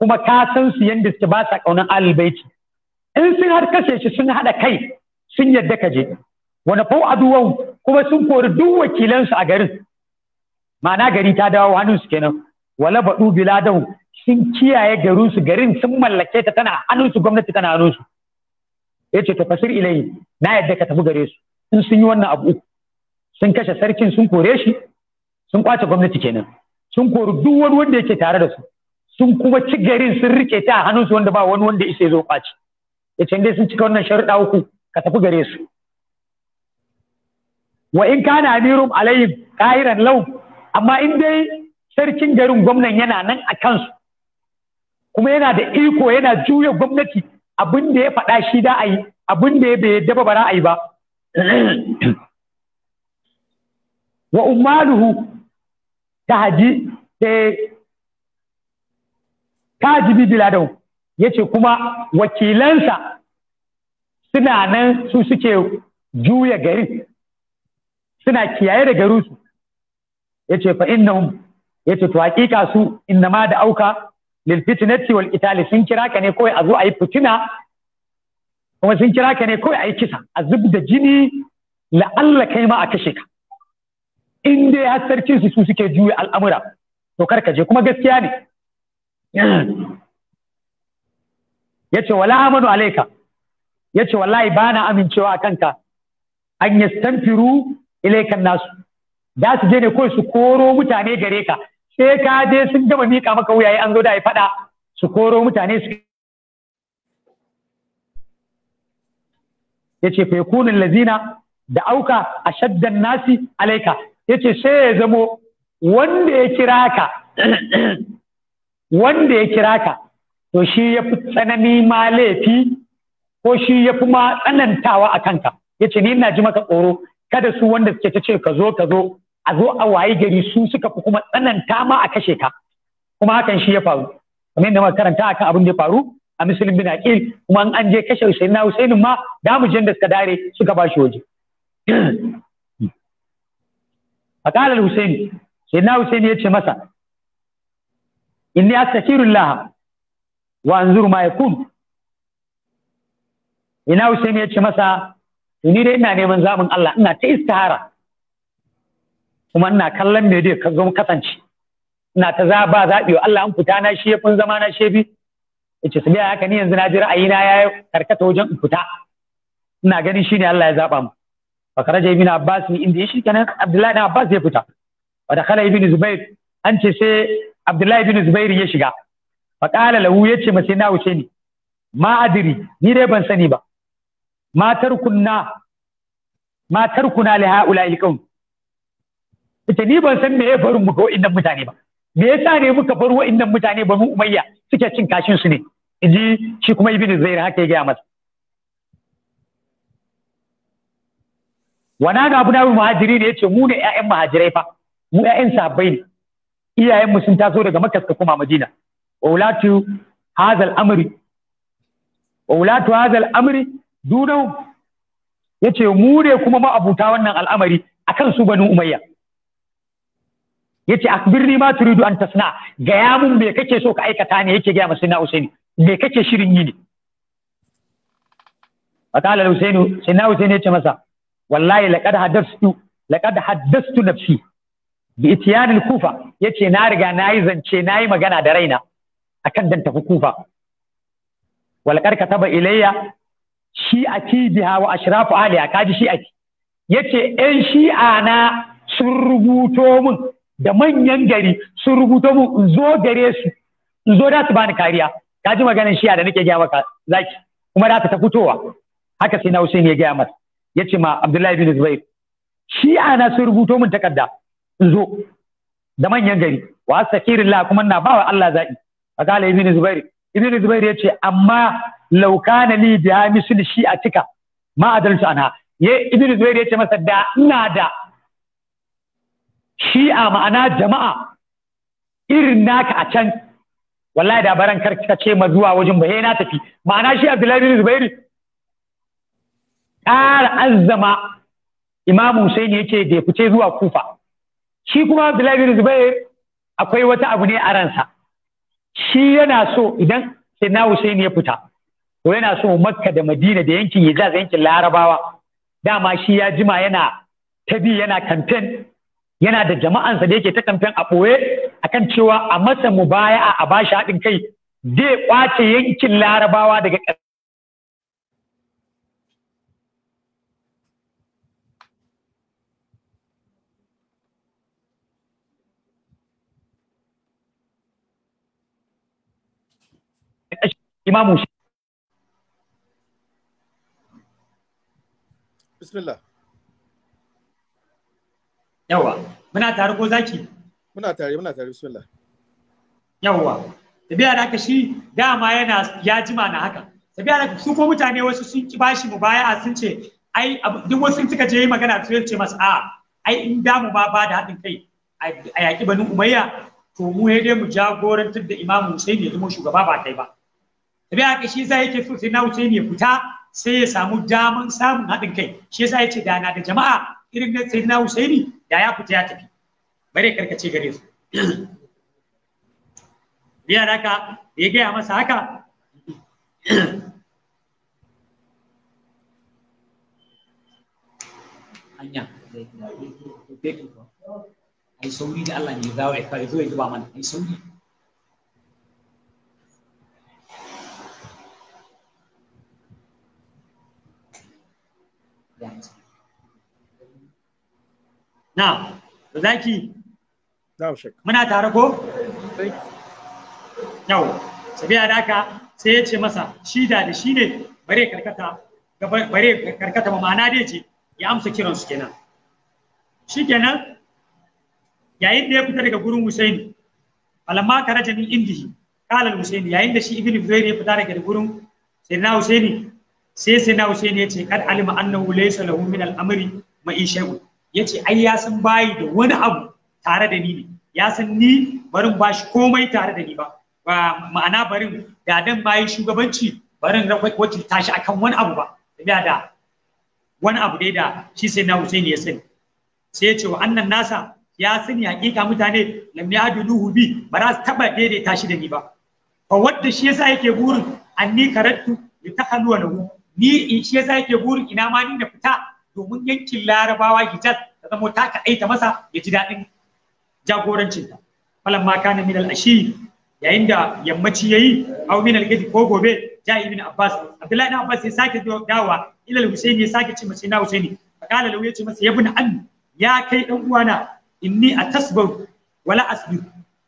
kuma ka san su yanda suke ba sa kaunan albaiti in sun har kashe shi sun haɗa kai sun yadda ka je wani fau aduwan kuma sun kori duk wakilansu a garin ma'ana gari ta dawo hannunsu kenan wala baɗu biladau sun kiyaye garinsu garin sun mallake ta tana hannunsu gwamnati tana hannunsu ya ce tafasir ilai ilayi na yadda ka tafi gare su in sun yi wannan abu sun kashe sarkin sun kore shi sun kwace gwamnati kenan sun kori duk wani wanda yake tare da su sun kuma ci garin sun rike ta hannunsu wanda ba wani wanda isa ya zo kwace ya ce dai sun cika wannan sharuɗa uku ka tafi gare su wa in ka kana amirum alayhim qahiran law amma in dai sarkin garin gwamnan yana nan a kansu kuma yana da iko yana juya gwamnati abin da ya faɗa shi da ayi, yi abin da ya bai yadda ba ayi ba [clears throat] wa Umaruhu ta haji eh, ta bibila biladau yace kuma wakilansa suna nan su suke juya garin suna kiyaye da garinsu ce fa Ya ce to hakika su ma da auka lil fitnati wal sun kira ka ne kawai a zo a yi fitina kuma sun kira ka ne kawai a yi kisa a zub da jini la'alla kai ma a kashe ka in dai har sarkin su suke juya al'amura to kar ka je kuma gaskiya ne yace wala amanu alayka yace wallahi bana amincewa a kanka an yastanfiru ilaikan nasu da su je ne kawai su koro mutane gare ka sai ka je sun gama mika maka wuyaye an zo da ya faɗa su koro mutane su yace ce fekunin lazina da auka a shaddan nasi ya yace sai ya zamo wanda ya kira ka wanda ya kira ka to shi ya fi tsanani ma laifi ko shi ya fi ma tsanantawa a kanka ya ce ni ina ji maka tsoro kada su wanda suke ta ce ka zo ka zo a zo a waye gari su suka fi kuma tsananta ma a kashe ka kuma hakan shi ya faru kamar yadda karanta akan abin da ya faru a musulun bin aqil kuma an je kashe Hussein na Hussein ma da mu da suka dare suka ba shi waje [clears throat] faqala Hussein sai na Hussein ya ce masa inni astakirullah wanzur ma kun? ina Hussein ya ce masa ni dai ina neman zaɓin Allah ina ta istihara kuma ina kallon me dai ka zama kasance ina ta za ba zaɓi Allah an fita na shi ya kun zama na shi bi yace su haka ni yanzu na ji ra'ayina, na karkata wajen in fita ina ganin shine Allah ya zaɓa mu fa karaja ibn Abbas ni inda shi kenan Abdullahi ibn Abbas ya fita wa dakhala ibn Zubair an ce sai Abdullahi ibn Zubair ya shiga faƙala lahu ya ce mace na wuce ni ma adiri ni dai ban sani ba matar kunna matar kuna li haula ilkaun ita ni ban san me ya faru muka wa'innan mutane ba me sa ne muka faru wa'innan mutane ba mu umayya suke cin kashin su ne inji shi kuma ibnu zair haka ya gaya masa wana ga abu nabi muhajiri ne yace mu ne ƴaƴan muhajirai fa mu ƴaƴan sahabbai ne iyayen mu sun taso daga makka suka koma madina wa wulatu amri wa wulatu hazal yace mu ne kuma ma'abuta wannan al'amari akan su banu umayya yace akbirni ma turidu an tasna gaya mun me kake so ka aikata ne yake gaya masa Usaini me kake shirin yi ne fatala Usaini Sina Usaini yace masa wallahi laqad hadastu laqad haddastu nafsi bi ityan al-kufa yace na riga nayi zance nayi magana da raina akan dan tafi kufa walqad kataba ilayya shi a tibiha wa ashrafu aliya kaji shi ake yace ɗan shi'a na sun rubuto min da manyan gari sun rubuto min in zo gare su in zo da su bani kariya kaji maganin shi'a da nake gaya maka zaki kuma da ta fitowa haka sai na Hussein ya gaya masa yace ma Abdullahi bin Zubair shi'a na sun rubuto min takarda in zo da manyan gari wa astaghfirullah kuma na bawa Allah zaɓi فقال ابن زبير ابن زبير يتي أما لو كان لي بها مثل شيء أتك ما أدلت عنها ابن زبير يتي مثلا دا نادا shi'a ma'ana jama'a irin naka a can wallahi da baran karka ce ma zuwa wajen ba na tafi ma'ana shi Abdullahi bin Zubairu ƙara azzama Imam Hussein yake da fice zuwa Kufa shi kuma Abdullahi bin Zubairu akwai wata abu ne a ransa shi yana so idan Sina Hussein ya fita to yana so Makka da Madina da yankin ya zaza yankin Larabawa dama shi ya jima yana ta bi yana kamfen, yana da jama'ansa da yake ta kamfen a ɓoye a kan cewa a masa mu baya a bashi haɗin kai zai kwace yankin larabawa daga imamu
bismillah
yawa muna tare ko zaki muna tare muna tare bismillah yawa tabiya da shi dama yana ya jima na haka tabiya da su ko mutane wasu sun ki bashi a sun ce ai duk wasu suka je magana su ce masa a ai in damu ba ba da haɗin kai a yaki banin umayya to mu dai mu jagorantar da imamu sai ya zama shugaba ba kai ba tabi haka shi yasa yake so sai na wuce ne fita sai ya samu daman samun haɗin kai shi yasa yace da na da jama'a irin na sai na da ya fita ya tafi bare karkace gare su biya haka ya gaya masa haka hanya ai sauri da Allah ne ya dawo ya ya mana ai sauri na zaki muna tare ko yau sabiya da haka sai ya ce masa shi da da shi ne bare karkata bare karkata ma'ana dai ce ya amsa kiran su kenan shi kenan yayin da ya fita daga gurin Husaini falamma karaja min indihi kalal Husaini yayin da shi ibn Zubair ya fita daga gurin sayyidina Husaini sai sayyidina Husaini ya ce kad alima annahu laysa lahu min al-amri ma shay'un ya ce ai ya san bayi da wani abu tare da ni ne ya san ni barin ba shi komai tare da ni ba ba ma'ana barin da dan bayi shugabanci barin wakilta shi akan wani abu ba tafiya da wani abu dai da shi sai na Hussein ya sani sai ya ce wa annan nasa ya sani hakika mutane lam yadunuhu bi ba za su taba daidaita shi da ni ba fa wadda shi yasa yake burin anni karattu li takhalu lahu ni shi yasa yake burin ina ma ni na fita domin yankin larabawa hijaz ta zama ta aita masa ya ji daɗin jagorancinta falan ma kana min al-ashi yayin da yammaci yayi aw min al-gadi ko gobe ja'i ibn abbas abdullahi ibn abbas ya sake dawa ila al-husaini ya sake ce mace na husaini lau ya ce masa ibn an ya kai dan uwana inni atasbar wala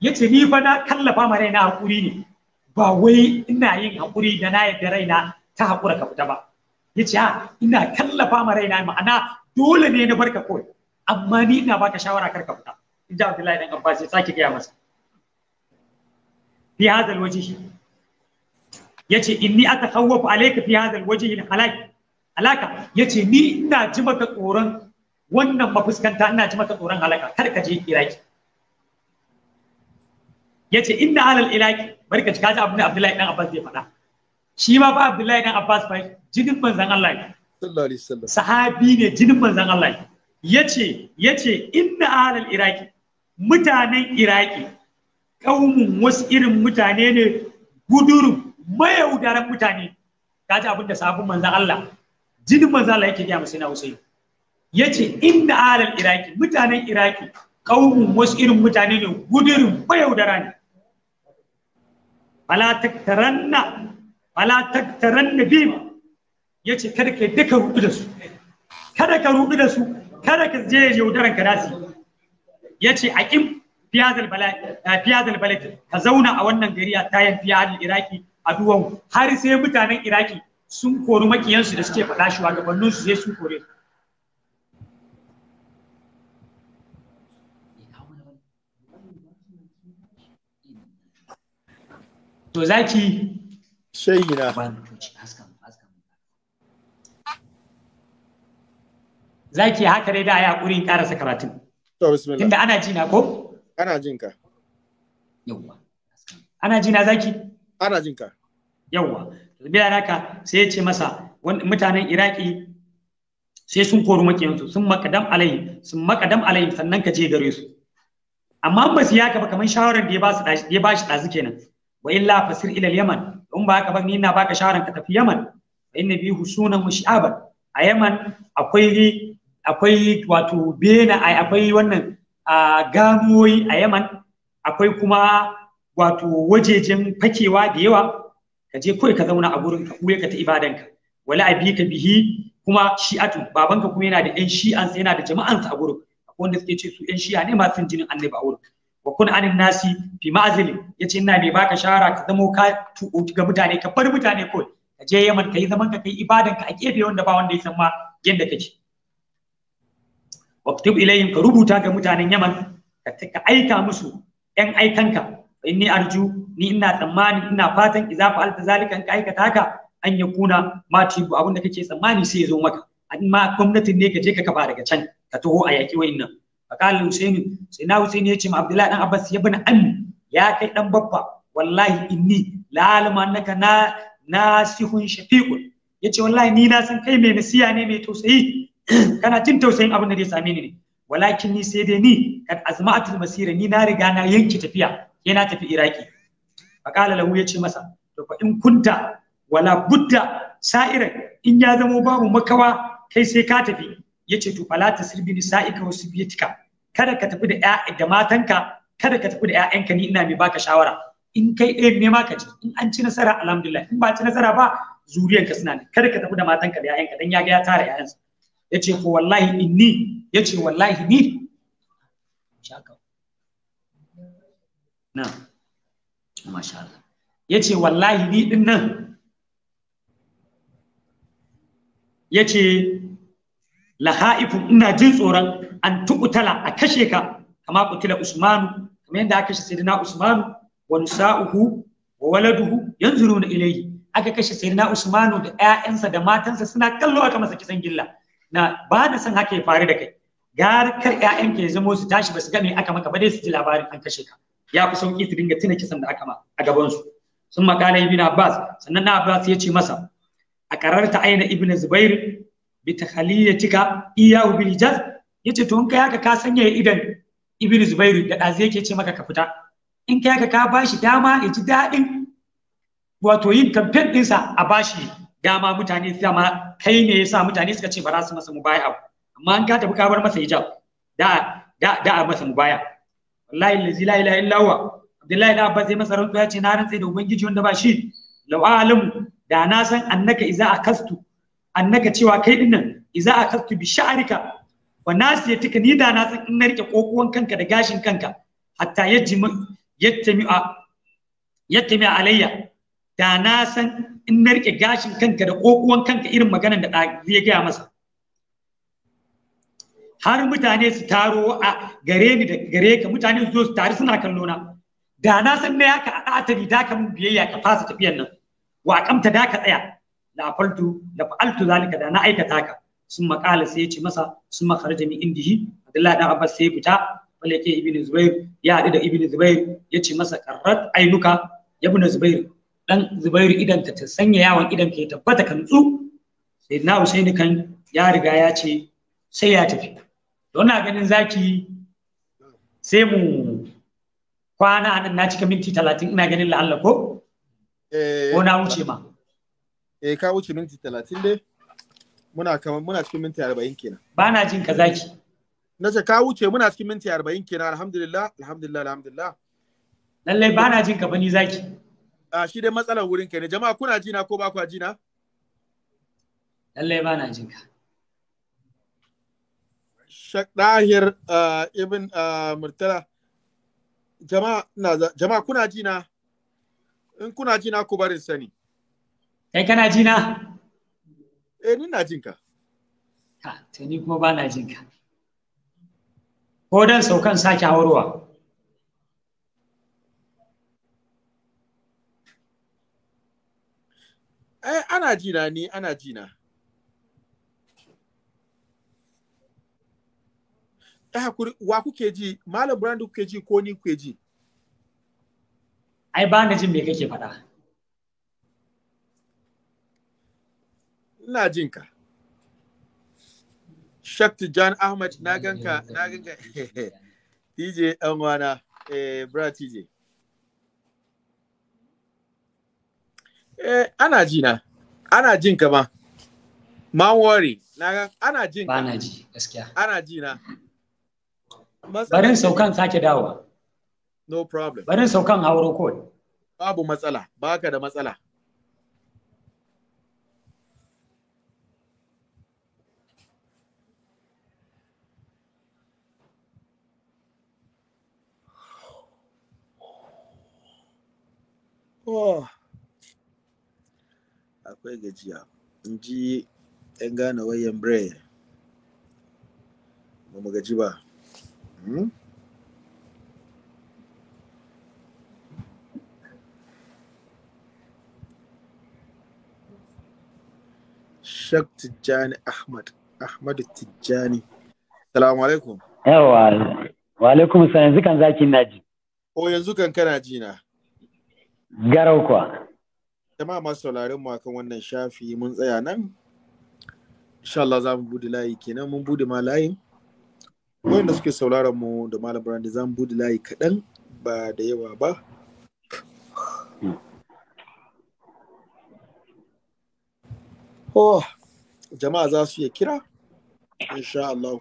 Ya ce ni fa na kallafa ma raina hakuri ne ba wai ina yin hakuri da na yadda raina ta hakura ka fita ba yace a ah, ina kallafa ma raina ma'ana dole ne na barka kawai amma ni ina baka shawara kar ka fita in ji Abdullahi dan Abbas ya sake gaya masa fi hadal wajhi yace inni atakhawwafu alayka fi hadal wajhi halak halaka yace ni ina ji maka tsoron wannan mafuskanta ina ji maka tsoron halaka kar ka je Iraki yace inna alal iraki bari ka ji kaji abin Abdullahi dan Abbas zai faɗa shi ma ba Abdullahi dan Abbas fa jinin manzon Allah sallallahu alaihi wasallam sahabi ne jinin manzon Allah ya yace yace inna ahlal iraki mutanen iraki kaumun wasu irin mutane ne gudurum udaran mutane kaji abin da sabon manzon Allah jinin manzon Allah yake gaya yi. na ce, yace inna ahlal iraki mutanen iraki kaumun wasu irin mutane ne gudurum mayaudara ne fala taktaranna fala taktaran nabima yace kada ka duka rudu da su kada ka rudu da su kada ka je yaudaran ka dasi yace aqim fiyadal bala'i fiyadal bala'i ka zauna a wannan gari a tayan fiyadal iraki a duwan har sai mutanen iraki sun kori makiyansu da suke faɗa shi gabanin su sai sun kore to zaki shayina zaki haka dai da ya ƙurin karasa karatun to bismillah tunda ana jina ko ana jinka yawwa ana jina zaki ana jinka yawwa bila naka sai ya ce masa mutanen iraki sai sun kori makiyansu sun makadam alayhi sun makadam alayhi sannan ka je gare su amma ba su yaka ba kamar shawarar da ya ba su da ya ba shi dazu kenan wa illa fasir ila yaman in ba haka ba ni na baka sharan ka tafi Yaman inna bi husunan mushaban a Yaman akwai akwai wato bena akwai wannan gamoyi a Yaman akwai kuma wato wajejen fakewa da yawa ka je kawai ka zauna a gurin ka kuye ka ta ibadanka wala abika bihi kuma shi'atu babanka kuma yana da yan shi'ansa yana da jama'ansa a gurin akwai wanda suke ce su yan shi'a ne masu jinin annabi a wurin wa kun anin nasi fi ma'azili ce ina mai baka shara ka zamo ka ga mutane ka bar mutane kawai ka je Yaman ka yi zaman ka kai ibadan ka a kefe wanda ba wanda ya san ma yadda kake kutub ilayhim ka rubuta ga mutanen Yaman ka aika musu yan aikanka inni arju ni ina tsammani ina fatan idza fa'alta zalika ka aikata ka an ya kuna ma tibu abin da kake tsammani sai ya zo maka amma gwamnatin ne ka je ka kafa daga can ka taho a yaki nan. faqala husayn sai na husayn ya ce ma abdullahi dan abbas ya bani ammi ya kai ɗan babba wallahi inni la alama annaka na nasihun shafiqun yace wallahi ni na san kai mai nasiya ne mai tausayi kana cin tausayin abin da zai same ni ne Wala ni sai dai ni kad azma'atul masira ni na riga na yanke tafiya yana tafi iraki faqala lahu yace masa to fa kunta wala budda sa'ira in ya zamo babu makawa kai sai ka tafi yace to fala tasribi ni sa'ika wa subiyatika kada ka tafi da da matanka kada ka tafi da ƴaƴanka ni ina mai baka shawara in kai ɗaya ne ma ka ci in an ci nasara alhamdulillah in ba ci nasara ba zuriyanka suna ne kada ka tafi da matanka da 'ya'yanka dan ya ga ya tara 'ya'yansa. yace ko wallahi inni yace wallahi ni shaka na masha Allah yace wallahi ni din nan yace la ina jin tsoron an tukutala a kashe ka kama kutila usmanu kamar yadda aka kashe sayyidina usmanu wa nisa'uhu wa waladuhu yanzuruna ilayhi aka kashe sayyidina usmanu da ƴaƴansa da matansa suna kallo aka masa kisan gilla na ba da san haka ya faru da kai gar kar ƴaƴan ya zamo su tashi basu ga me aka maka ba dai su ji labarin an kashe ka ya fi sauki su dinga tuna kisan da aka ma a gaban su sun makala ibn abbas sannan na abbas ya ce masa a kararta aina ibn zubair bi takhaliyatika iyahu bil hijaz yace to in kai haka ka sanya idan ibnu zubairu da dazi yake ce maka ka fita in kai haka ka bashi dama ya ji dadin wato yin campaign dinsa a bashi dama mutane ma kai ne yasa mutane suka ce ba za su masa mubaya amma an ka tafi ka masa hijab da da da a masa mubaya wallahi la ilaha illa abdullahi da abbas zai masa rantsuwa ce na rantse da ubangiji wanda ba shi law alamu da na san annaka iza akastu annaka cewa kai dinnan idza akhadtu bi sha'rika wa nasiyatika ni da na san in na rike kokuwan kanka da gashin kanka hatta yajma yattami'a yattami'a alayya da na san in na rike gashin kanka da kokuwan kanka irin maganar da zai gaya masa har mutane su taro a gare ni da gare ka mutane su zo su taru suna kallo na da na san na yaka a da ka mun biyayya ka fasa tafiyan nan wa kamta da ka tsaya da afaltu da fa'altu zalika da na aikata ka sun makala sai ya ce masa sun makaraja min indihi Abdullahi dan Abbas sai ya fita wala yake Ibn Zubair ya haɗu da Ibn Zubair ya ci masa karrat ainuka Ibn Zubair dan Zubair idan ta sanya yawan idan ka tabbata kan tsu sai na Husain kan ya riga ya ce sai ya tafi don na ganin zaki sai mu kwana nan na cika minti talatin ina ganin la'alla ko eh, ko na wuce ma
eh ka wuce minti talatin dai muna kaman, muna cikin minti arba'in kenan
ba na jin ka zaki
na ce ka wuce muna cikin minti arba'in kenan alhamdulillah alhamdulillah alhamdulillah
lallai ba na jin ka bani zaki
a shi dai matsalar wurin ka ne jama'a kuna jina ko ba ku jina
lallai ba na jin ka
Shakdahir uh, Ibn uh, Murtala. Jama'a jama'a kuna jina, in kuna jina ku barin sani.
Kai kana ji na?
Eh ni na jin ka. Ha, to ni kuma ba na jin ka.
Ko dan saukan sake hawarwa.
Eh ana ji na ni ana ji na. Eh, hakuri wa kuke ji malam ku kuke ji ko ni kuke ji ai ba na jin me kake faɗa ina jin ka Shakti John Ahmad na ganka na ganka [laughs] TJ ɗan wana eh bra TJ eh ana ji na ana jin ka ma Ma worry na ga ana jin ka ana ji gaskiya ana ji na barin saukan sake dawa no problem barin saukan hauro kawai babu matsala baka da matsala Oh, akwai gajiya. In ji 'yan gane wayan Bray. Ba mu gaji ba. Hmm? Shak Tijjani Ahmad. Ahmadu Tijjani. Salamu alaikum.
Yawa, wa alaikum salam yanzu zaki na ji.
O oh, yanzu kan kana ji na.
Garau kuwa.
Jama'a masu sauraron mu akan wannan shafi mun tsaya nan. Insha Allah za mu bude layi kenan mun bude ma layin. Wanda suke sauraron mu da Malam Brandi za mu bude layi kaɗan ba da yawa ba. Oh, jama'a za su iya kira? Insha Allah.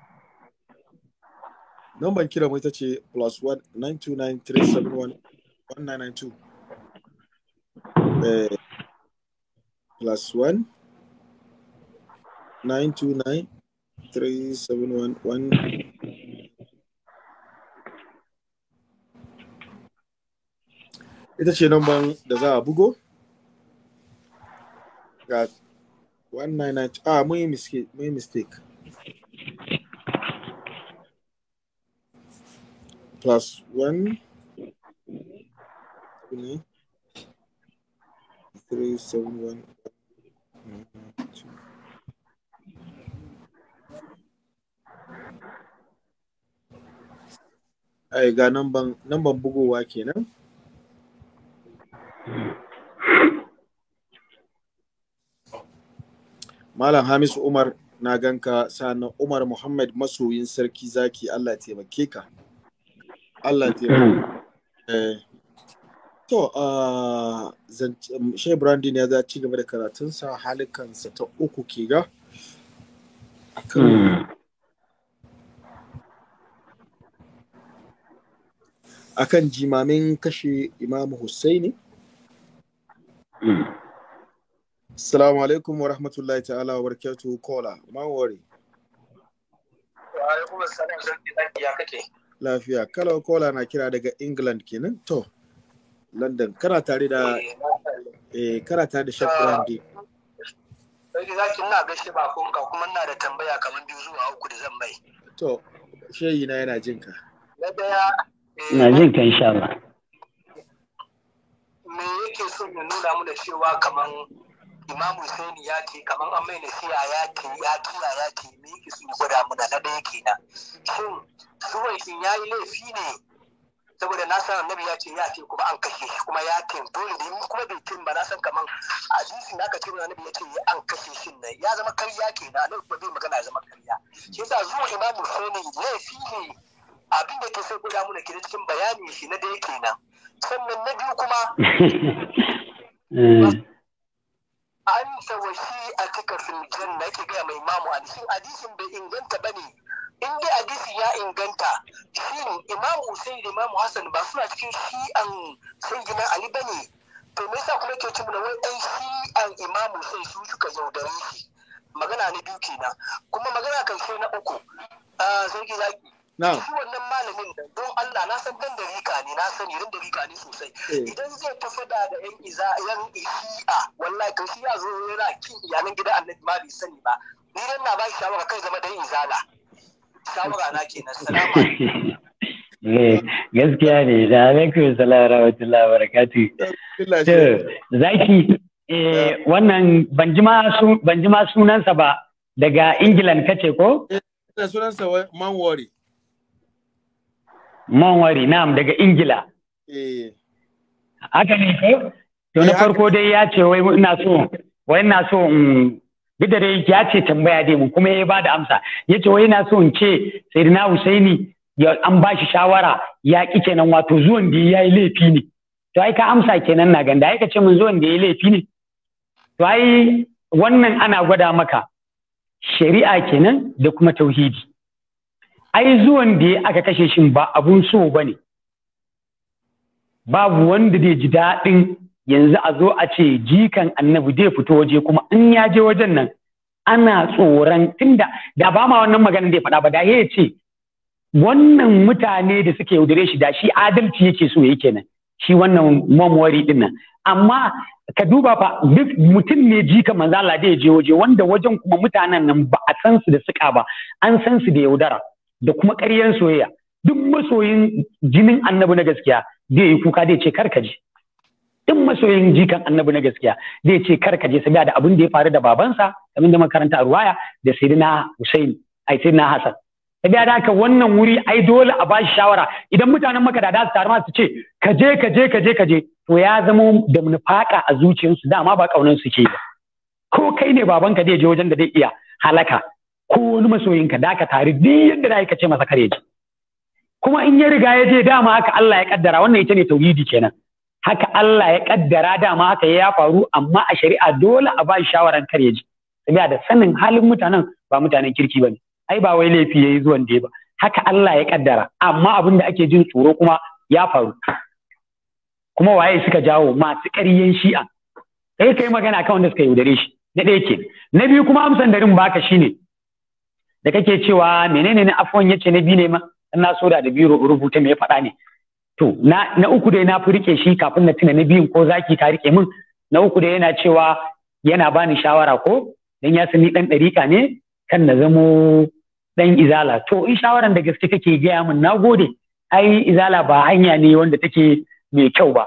ban kira mu ita ce plus one nine two nine three seven one one nine nine two. Eh, plus one nine two nine three seven one one ita ce numban da za a bugo nine, two. ah mun yi mistake plus one Okay. three seven one two. ga namban bugowa kenan. Malam Hamisu Umar na ganka sa'annan Umar Muhammad masoyin sarki zaki Allah taimake ka. Allah taimake. [clears throat] Eh. To, um, Shai Brandon ya za ci gaba da karatunsa halikansa ta uku ke ga. Akan hmm. jimamin kashe Imam Hussaini. Hmm. Salamu alaikum wa rahmatullahi ta'ala wa barakatuhu kola. Ma wari.
Wa alaikum assalam sarki lafiya kake.
Lafiya. kala kola na kira daga England kenan. To. London kana tare da eh kana tare da Sheikh Brandi.
Sai zaki ina shi ba ka kuma ina da tambaya
kamar biyu zuwa uku da zan mai. To shehi na yana jin ka.
Na daya eh, ina jin ka insha Allah. Me yake so ya nuna
mu da cewa kamar Imam Hussein ya ce kamar an mai
nasiha ya ce ya tura ya ce me yake so ya gwada mu da na daya kenan. Shin suwaishin ya yi laifi ne saboda na san annabi ya ce ya ce kuma an kashe kuma ya ce dole da mu kuma bai tin ba na san kaman hadisi da aka ce mana annabi ya ce an kashe shi ne ya zama karya kenan annabi kuma bai magana ya zama karya shi yasa zuwa imamu ne laifi ne abin da ke sai guda muna kenan cikin bayani shi na da yake nan sannan na biyu kuma [laughs] eh. an tawashi a cikin filjan na yake gaya mai imamu hadisi hadisin bai inganta bane in dai hadisi ya inganta shin imamu Usai da imamu Hassan ba suna cikin shi'an sayyidina Ali bane to me yasa kuma ke ce mana wai ɗan shi'an imamu Usai su suka yaudare shi magana na biyu kenan kuma magana kan sai na uku sarki zaki shi wannan malamin da don Allah na san dan rika ne na sani dan rika ne sosai eh. idan zai ta fada da yan iza yan shi'a wallahi kan shi ya zo yana kin iyalan gidan annabi ma bai
sani ba
ni dan na ba shi shawara kai zama dan izala
Eh, gaskiya ne da alaikun salam rahmatullahi barakatu zaki eh, wannan ban ji ma sunansa ba daga ingilan kace ko eh,
sunansa manwari
manwari na'am daga ingila haka ne ko to na farko dai ya ce wai ina so wai ina so duk da ya ce tambaya dai mu kuma ya bada amsa ya ce wai na so in ce sayyidina husaini an ba shi shawara ya ki kenan wato zuwan da ya yi laifi ne to ai ka amsa kenan na ganda ai ka ce mun zuwan da ya yi laifi ne to ai wannan ana gwada maka shari'a kenan da kuma tauhidi ai zuwan da aka kashe shi ba abun so bane babu wanda zai ji daɗin yanzu a zo a ce jikan annabi zai fito waje kuma in ya je wajen nan ana tsoron tunda da ba ma wannan magana da ya faɗa ba da ya ce wannan mutane da suke yaudare shi da shi adalci yake so yake nan, shi wannan mamwari din nan amma ka duba fa duk mutum ne jika manzo Allah da ya je waje wanda wajen kuma mutanen nan ba a san su da suka ba an san su da yaudara da kuma ƙaryan soyayya duk masoyin jinin annabi na gaskiya zai yi kuka zai ce kar ka je in masoyin jikan annabi na gaskiya zai ce kar ka je sabiya da abin da ya faru da babansa kamar da makaranta a ruwaya da sayyidina Hussein ai sayyidina Hassan sabiya da haka wannan wuri ai dole a bashi shawara idan mutanen maka da su taru su ce ka je ka je ka je ka je to ya zama da nufaka a zuciyarsu dama ba kaunan su ke ko kai ne babanka zai je wajen da zai iya halaka ko wani masoyinka da ka tare duk yadda da ka ce masa kare kuma in ya riga ya je dama haka Allah ya kaddara wannan ita ne tauhidi kenan haka Allah ya kaddara dama haka ya faru amma a shari'a dole a ba shi shawaran kar ya ji saboda da sanin halin mutanen ba mutanen kirki bane ai ba wai laifi yayi zuwan da ba haka Allah ya kaddara amma abin da ake jin tsoro kuma ya faru kuma waye suka jawo masu ƙaryen shi'a kai kai magana kan wanda suka yaudare shi na ɗaya ke na biyu kuma amsan darin baka shine da kake cewa menene ne afwan yace na biyu ne ma ina so da biyu rubuta me ya faɗa ne to na uku dai na fi rike shi kafin na tuna na biyun ko zaki ta rike min na uku dai yana cewa yana bani shawara ko dan ya sani dan ɗarika ne kan na zamo ɗan izala to in shawaran da gaske kake gaya min na gode ai izala ba hanya ne wanda take mai kyau ba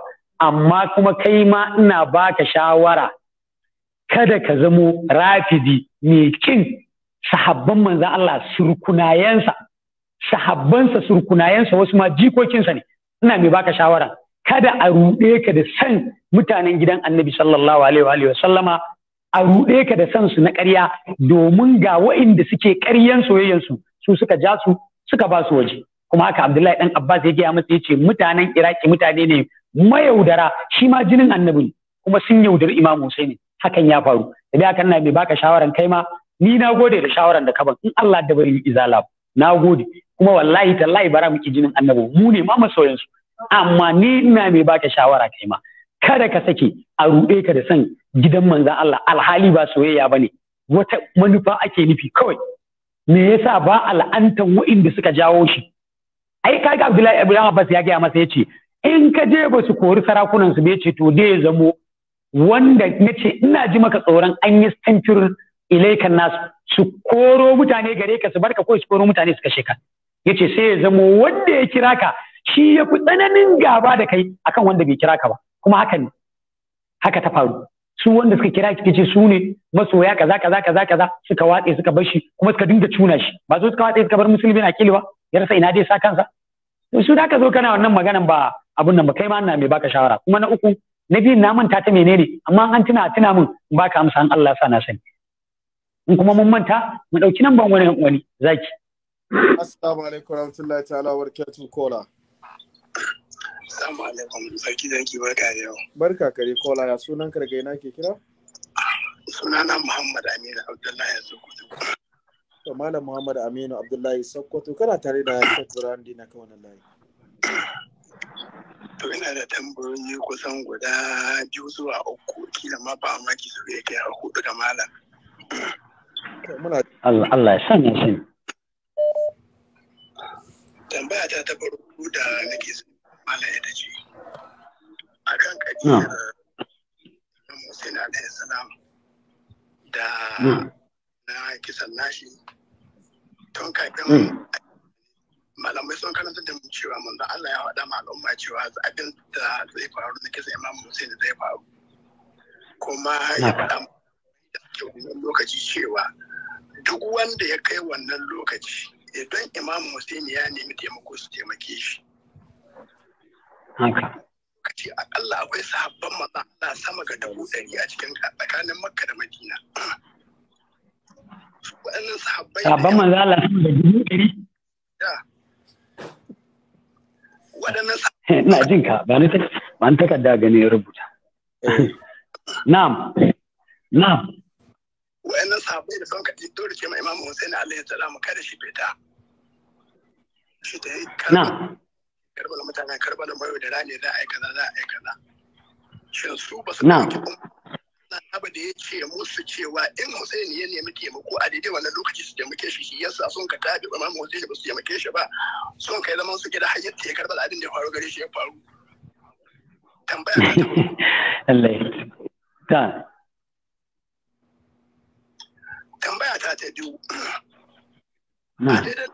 amma kuma kai ma ina baka shawara kada ka zamo rafidi mai kin sahabban manzan Allah surkunayensa sahabbansa surkunayensa wasu ma jikokinsa ne ina mai baka shawara kada a ruɗe ka da san mutanen gidan annabi sallallahu alaihi wa sallama a ruɗe ka da san su na ƙarya domin ga wa'inda suke ƙaryan soyayyansu su su suka ja su suka ba su waje kuma haka abdullahi dan abbas ya gaya masa ya mutanen iraki mutane ne mayaudara shi ma jinin annabi kuma sun yaudari imam Hussein hakan ya faru da hakan na mai baka shawaran kai ma ni na gode da shawaran da ka ban in allah da bari izala na gode kuma wallahi tallahi bara muke jinin annabi mu ne ma masoyan su amma ni ina mai baka shawara kai ma kada ka sake a ruɗe ka da san gidan manzan Allah alhali ba soyayya bane wata manufa ake nufi kawai me yasa ba al'antan wa'inda suka jawo shi ai kaga Abdullahi Ibrahim Abbas ya gaya masa yace in ka je ba su kori sarakunan su bai ce to dai ya zamo wanda nace ina ji maka tsoron an yi stanfir ilaikan nasu su koro mutane gare ka su barka ko su koro mutane su kashe Ya ce sai ya zamo wanda ya kira ka shi ya fi tsananin gaba da kai akan wanda bai kira ka ba kuma haka ne haka ta faru su wanda suka kira ki ce su ne masoya kaza kaza kaza kaza suka watse suka bar shi kuma suka dinga cuna shi ba zo suka watse suka bar musulmi na ba ya rasa ina dai sa kansa to su da ka zo kana wannan maganan ba abun nan ba kai ma ina mai baka shawara kuma na uku na biyun na manta ta menene amma an tuna tuna min in baka amsa an Allah sa na sani in kuma mun manta mu dauki nan ban wani wani zaki Assalamu
alaikum warahmatullahi ta'ala wa barakatuh kola. Assalamu alaikum sarki ki, barka da yau. Barka kare kola ya sunan karge na ke kira?
Sunana Muhammad Aminu Abdullahi Sokoto.
To Malam Muhammad Aminu Abdullahi Sokoto kana tare da Shekaru Dina kan wannan layi.
To ina da tambayoyi kusan guda biyu zuwa uku kila ma ba maki su ya kai hudu da malam.
Allah ya sanya shi.
tambaya ta farko da nake mala ya dace
a kan kajiyar
da na kisan nashi tun kafin mm. malamai sun karanta da mu cewa manzo Allah ya faɗa ma al'umma cewa abin da zai faru na kisan Imam Hussein zai faru kuma ya faɗa lokaci cewa duk wanda ya kai wannan lokaci idan imamu Hussein ya nemi taimako su taimake shi haka kace akalla akwai sahabban maza na sama ga dubu ɗari a cikin tsakanin makka da madina
waɗannan sahabbai sahabban maza Allah sama da dubu ɗari Ya. waɗannan sahabbai eh, ina jin ka ba ni ba ni takarda gane rubuta eh. na'am na'am wayannan sabai
da sauka ji dole ce ma Imam Hussein alaihi salam kada shi fita shi da na karba da mutanen karba da mayo da rani za a yi kaza za a yi kaza
shin su ba su na abu da ya ce musu cewa in Hussein ya nemi taimako a daidai wannan lokaci su taimake shi shi yasa sun ka tabi Imam
Hussein ba su taimake shi ba sun kai zaman su gida hayyar ta karba da abin da ya faru gare shi ya faru tambaya ta [laughs] ta tambaya ta ta biyu hmm. a daidai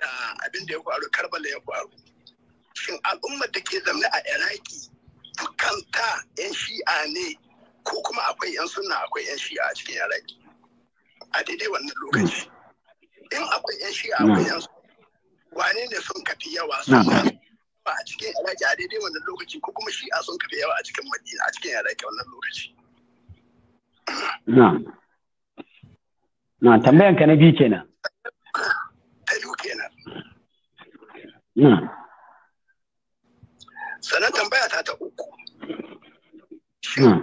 da abin da ya faru karbala ya faru shin al'ummar da ke zaune a iraki dukkan ta 'yan shi'a ne ko kuma akwai 'yan suna akwai 'yan shi'a a cikin iraki a daidai wannan lokaci hmm. in akwai 'yan shi'a hmm. akwai 'yan wane ne sun kafi yawa sun ba a cikin iraki a daidai wannan lokaci ko kuma shi'a sun kafi yawa a cikin madina a
cikin iraki wannan lokaci na tambayan ka na biyu kenan
ta biyu kenan na sannan tambaya ta ta uku sun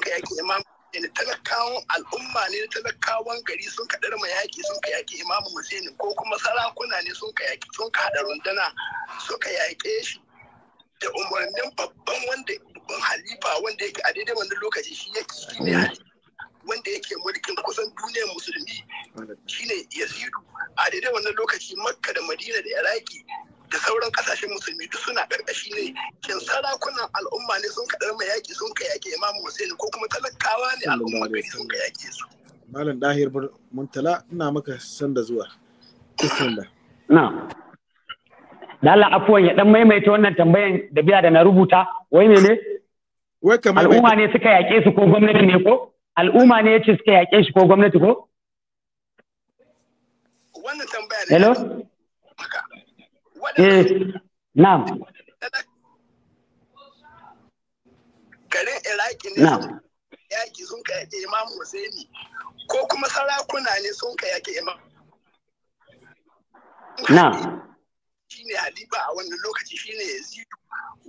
ka yaƙi imam ne talakawan al'umma ne talakawan gari sun ka ma yaƙi sun ka yaƙi imam Hussein ko kuma sarakuna ne sun ka yaƙi sun ka haɗa rundana suka yaƙe shi da umarnin babban wanda babban halifa wanda yake a daidai wani lokaci shi yake shi ne eh. wanda yake mulkin kusan duniyar musulmi shine yazidu a daidai wannan lokaci makka da madina da iraki da sauran kasashen musulmi duk suna karkashi ne kin sarakunan
al'umma ne sun kaɗar mai yaƙi sun ka yaƙi imam hussein ko kuma talakawa ne al'umma ne sun ka yaƙi su malam dahir muntala ina maka sanda zuwa bismillah
na'am Lala afuwan ya dan maimaita wannan tambayan da biya da na rubuta wai ne? ne al'umma ne suka yaƙe su ko gwamnati ne ko al'umma ne yace suka yaƙe shi ko gwamnati ko wannan tambaya ne hello eh na'am
garin iraki ne na'am yaƙi sun ka yaƙe imam Hussaini ko kuma sarakuna ne sun ka yaƙe imam na'am shine halifa a wannan lokaci shine yazidu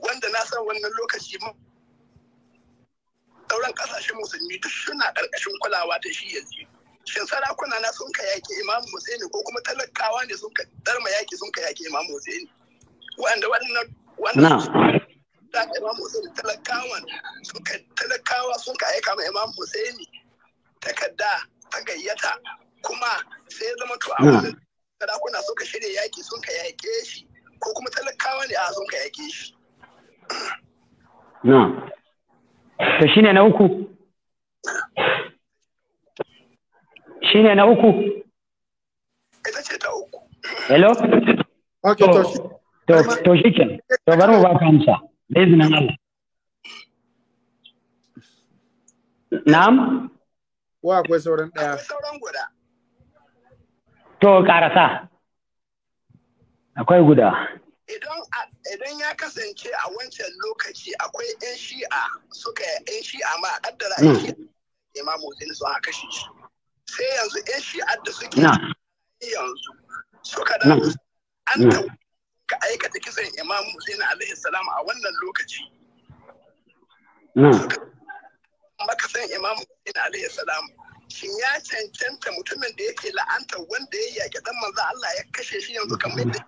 wanda na san wannan lokaci sauran kasashen musulmi duk suna ƙarƙashin kulawa ta shi yanzu shin sarakuna na sun ka yaƙi imam Hussein ko kuma talakawa ne sun ka darma yaƙi sun ka yaƙi imam Hussein wanda wannan wannan da imam Hussein talakawan sun ka talakawa sun ka aika ma imam Hussein takarda ta gayyata kuma sai ya zama to a wannan sarakuna sun ka shirya yaƙi sun ka yaƙe shi ko kuma talakawa ne a sun ka yaƙe shi.
Na'am. to shine na uku shine na uku ita ce ta uku hello okay to to shi ke, to bari mu ba ka amsa da izinin Allah na'am
wa akwai sauran daya sauran guda
to karasa akwai guda
idan ya kasance a wancan lokaci akwai 'yan shi'a suka 'yan shi'a ma a kaddara 'yan mm. shi'a imamu zini sun haka shi sai yanzu 'yan shi'a da suke mm. yanzu suka da mm. an da ka aikata kisan imamu zini alaihi salam a wannan lokaci makasan imamu zini alaihi salam shi ya cancanta mutumin da yake la'anta wanda ya yi yaƙi dan manzo Allah ya kashe shi yanzu kamar yadda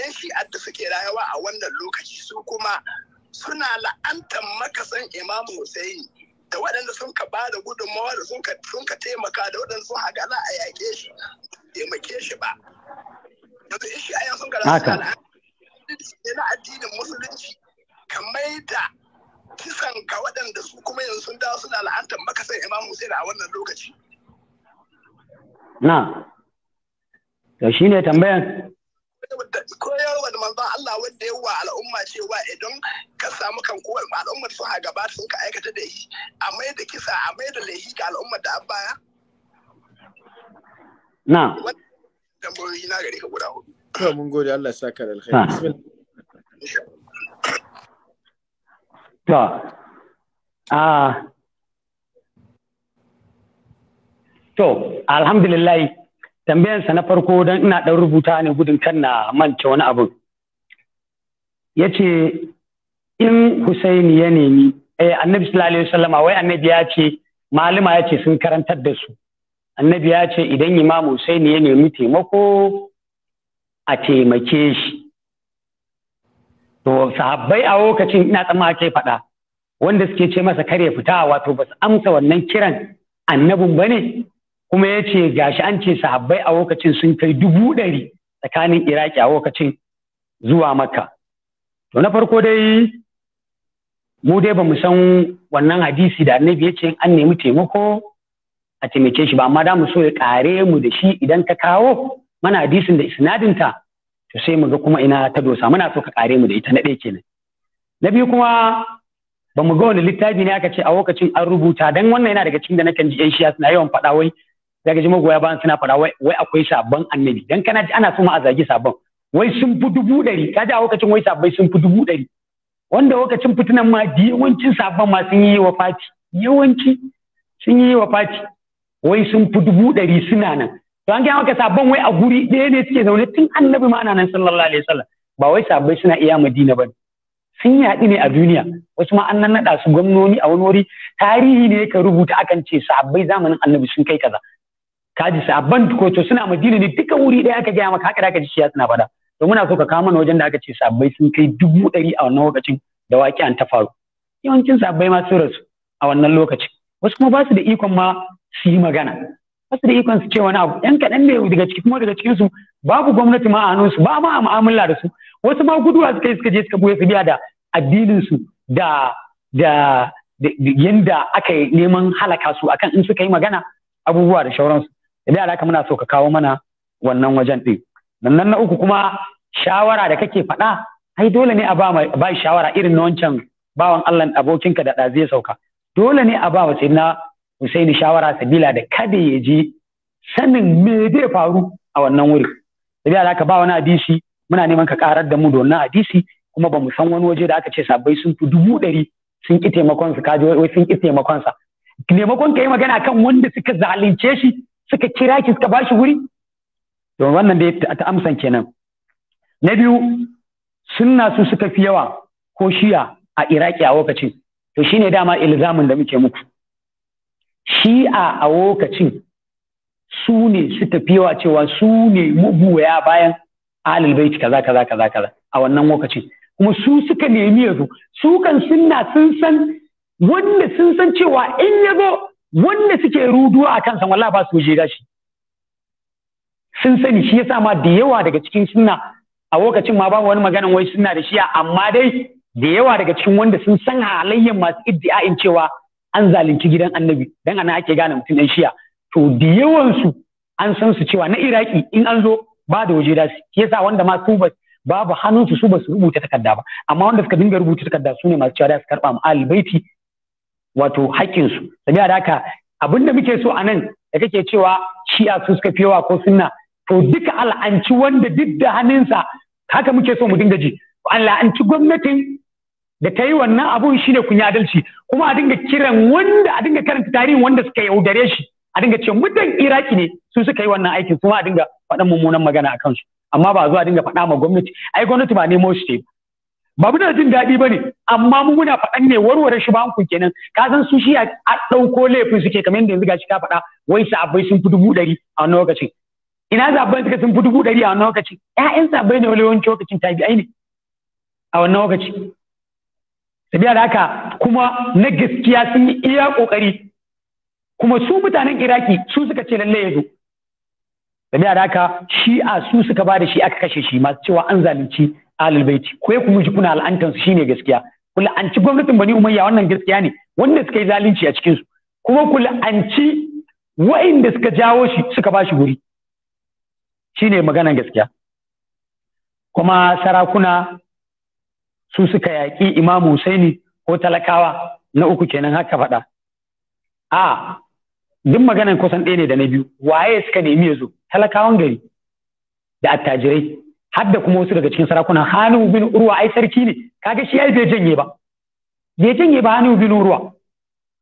'yan shi'ar da suke rayuwa a wannan lokaci su kuma suna la'antar makasan imam Hussein da waɗanda sun ka ba da gudunmawa da sun ka taimaka da waɗanda sun haka za a yaƙe shi taimake shi ba yanzu in shi ayan sun ka rasa na addinin musulunci kamar da kisan ga waɗanda su kuma yanzu sun dawo suna la'antar makasan imam Hussein a wannan lokaci
na shi ne tambayan
koyarwar manzon Allah wanda ya wa al'umma cewa idan ka samu kan kowar al'ummar su a gaba sun ka aikata da yi a mai da kisa a mai da laihi ga al'ummar da an baya?
Na.
Tambayoyi na gare ka guda hudu. mun gode Allah sa ka da
alkhairi. To. Ah. To, alhamdulillah tambayarsa na farko don ina ɗan rubuta ne gudun kan na manta wani abu. ya ce in husaini ya nemi eh, annabi sallallahu alaihi wasallama wai annabi ya ce malama ya ce sun karantar da su annabi ya ce idan imam husaini ya nemi taimako a taimake shi to sahabbai a lokacin ina tsama ke faɗa wanda suke ce masa kare fita wato ba su amsa wannan kiran annabin ba ne kuma ya ce gashi an ce sahabbai a lokacin sun kai dubu ɗari tsakanin iraki a lokacin zuwa makka to na farko dai mu dai ba mu san wannan hadisi da annabi ya ce an nemi taimako a taimake shi ba amma da mu so ya kare mu da shi idan ka kawo mana hadisin da isnadinta to sai mu ga kuma ina ta dosa muna so ka kare mu da ita na ɗaya kenan na biyu kuma ba mu ga wani littafi ne aka ce a lokacin an rubuta Don wannan yana daga cikin da nakan ji yan shiya suna yawan faɗa wai zaka ji magoya bayan suna fara wai akwai sabon annabi dan kana ji ana so ma a zagi sabon wai sun fi dubu ɗari ka ji a lokacin wai sabbai sun fi dubu ɗari wanda lokacin fitinan ma yawancin sabon ma sun yi wa fati yawanci sun yi wa fati wai sun fi dubu ɗari suna nan to an gaya maka sabon wai a guri ɗaya ne suke zaune tun annabi ma ana nan sallallahu alaihi wasallam ba wai sabai suna iya madina ba sun yaɗu ne a duniya wasu ma an nan naɗa su gwamnoni a wani wuri tarihi ne ka rubuta akan ce sabai zamanin annabi sun kai kaza kaji sabban ko to suna madina ne duka wuri ɗaya aka gaya maka haka da aka ji shi suna faɗa to muna so ka kawo mana wajen da aka ce sabbai sun kai dubu ɗari a wannan lokacin da waki an ta yawancin sabbai ma sun rasu a wannan lokacin wasu kuma ba su da ikon ma su yi magana ba su da ikon su ce wani abu yan kaɗan ne daga ciki kuma daga cikin su babu gwamnati ma a hannunsu ba ma a mu'amala da su wasu ma guduwa suka yi suka je suka buya su biya da addinin su da da yanda aka yi neman halaka su akan in suka yi magana abubuwa da shauransu idan alaka muna so ka kawo mana wannan wajen ɗin nan na uku kuma shawara da kake faɗa ai dole ne a ba ba shawara irin na wancan bawan Allah abokinka da ɗazu ya sauka dole ne a ba wa sayyidina Husaini shawara sabila da kada ya ji sanin me zai faru a wannan wuri idan alaka ba wani hadisi muna neman ka karar da mu da wannan hadisi kuma ba mu san wani waje da aka ce sabbai sun fi dubu ɗari sun ƙi taimakonsa. su kaji wai sun ƙi taimakon sa taimakon ka yi magana kan wanda suka zalunce shi suka kira ki suka bashi wuri don wannan da ta amsan kenan na biyu sunna su suka fi yawa ko shiya a iraki a lokacin to shine dama ilzamin da muke muku shi'a a lokacin su ne suka fi yawa cewa su ne mabuya bayan alil baiti kaza kaza kaza kaza a wannan lokacin kuma su suka nemi yanzu su kan sunna sun san wanda sun san cewa in ya zo wanda suke ruduwa a kansa wallahi ba su waje gashi sun sani shi yasa ma da yawa daga cikin sunna a lokacin ma babu wani maganan wai sunna da shiya amma dai da yawa daga cikin wanda sun san halayyar masu iddi'a'in cewa an zalunci gidan annabi dan ana ake gane mutum dan shiya to da yawan an san su cewa na iraki in an zo ba da waje da shi yasa wanda ma su babu hannunsu su ba su rubuta takarda ba amma wanda suka dinga rubuta takarda su ne masu cewa da su karba mu albaiti wato haƙƙinsu su da haka abin da muke so a nan da kake cewa shi'a su suka fi yawa ko sunna to duka al'anci wanda duk da hannunsa haka muke so mu dinga ji al'anci gwamnatin da ta yi wannan abun shi ne kun adalci kuma a dinga kiran wanda a dinga karanta tarihin wanda suka yaudare shi a dinga ce mutan iraki ne su suka yi wannan aikin kuma a dinga faɗan mummunan magana a kansu amma ba zuwa dinga faɗa ma gwamnati ai gwamnati ba nemo shi ba muna jin daɗi ba ne amma mu muna faɗan ne warware shi bankun kenan ka san su shi a ɗauko laifin suke kamar yadda yanzu gashi ka faɗa wai sabai sun fi dubu ɗari a wannan lokacin ina zaɓen suka sun fi dubu ɗari a wannan lokacin ƴaƴan sabai ne wani yawanci lokacin tabi'ai ne a wannan lokaci sabiya da haka kuma na gaskiya sun yi iya ƙoƙari kuma su mutanen iraki su suka ce lallai ya zo sabiya da haka shi'a su suka ba da shi aka kashe shi masu cewa an zalunci ahlul baiti ko ku miji kuna al'antan su shine gaskiya ku la'anci gwamnatin bani umayya wannan gaskiya ne wanda suka yi zalunci a cikin su kuma ku la'anci wa'inda suka jawo shi suka ba shi wuri shine maganan gaskiya kuma sarakuna su suka yaƙi Imam Husaini ko talakawa na uku kenan haka faɗa. A duk maganan kusan ɗaya ne da na biyu waye suka nemi ya zo talakawan gari da attajirai har da kuma wasu daga cikin sarakunan Hanu bin Urwa ai sarki ne kaga shi ai bai janye ba bai janye ba Hanu bin Urwa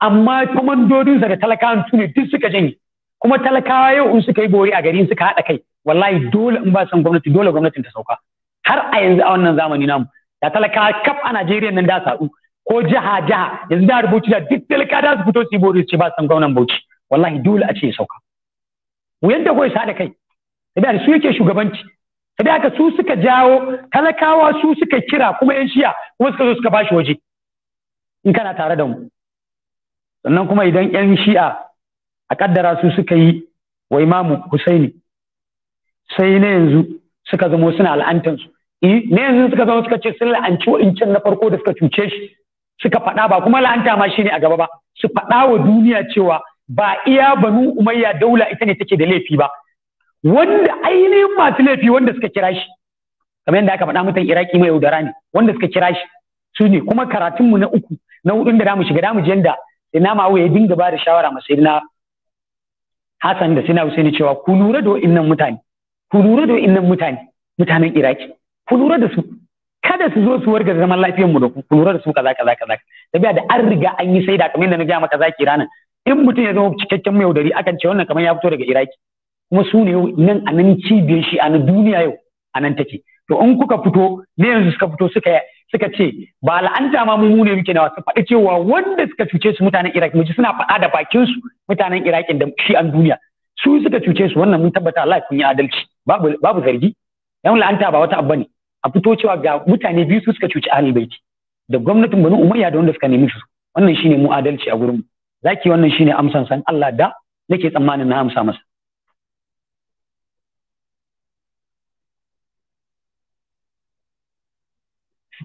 amma komandodinsa da talakawan tuni duk suka janye kuma talakawa yau in suka yi bori a gari suka haɗa kai wallahi dole in ba san gwamnati dole gwamnatin ta sauka har a yanzu a wannan zamani namu da talakawa kaf a Najeriya nan da sa'u ko jiha jiha yanzu da rubuci da duk talakawa da su fito su yi bori su ce ba san gwamnan Bauchi wallahi dole a ce ya sauka wuyan da kawai sa da kai da su yake shugabanci da haka su suka jawo talakawa su suka kira kuma yan shiya kuma suka zo suka bashi waje in kana tare da mu sannan kuma idan yan shi'a a kaddara su suka yi wa imamu husaini sai na yanzu suka zamo suna al'antansu eh, na yanzu suka zama suka ce sun la'anci wa'incan na farko da suka cuce shi suka faɗa ba kuma la'anta ma shi ne a gaba ba su faɗa wa duniya cewa ba iya banu umayya daula ita ne take da laifi ba wanda ainihin masu laifi wanda suka kira shi kamar yadda aka faɗa mutan iraki mai yaudara ne wanda suka kira shi su ne kuma karatunmu na uku na hudun da damu shiga damu je da ina mawu ya dinga ba da shawara masu yadda Hassan da Sina Husaini cewa ku lura da wa'innan mutane ku lura da wa'innan mutane mutanen Iraki ku lura da su kada su zo su warga zaman lafiyar mu da ku lura da su kaza kaza kaza tabiya da an riga an yi saida kamar yadda na gaya maka zaki ranar in mutum ya zama cikakken mai yaudari akan ce wannan kamar ya fito daga Iraki kuma su ne nan a nan cibiyar shi a na duniya yau a nan take to in kuka fito ne yanzu suka fito suka ce ba la'anta ma mu ne muke nawa su faɗi cewa wanda suka cuce su mutanen Iraki mu suna faɗa da bakin su mutanen Iraki da shi an duniya su suka cuce su wannan mun tabbata Allah kun yi adalci babu zargi yan la'anta ba wata abu ne a fito cewa ga mutane biyu su suka cuci ahlul baiti da gwamnatin Bani Umayya da wanda suka nemi su wannan shine mu adalci a gurin mu zaki wannan shine amsan san Allah da nake tsammanin na amsa masa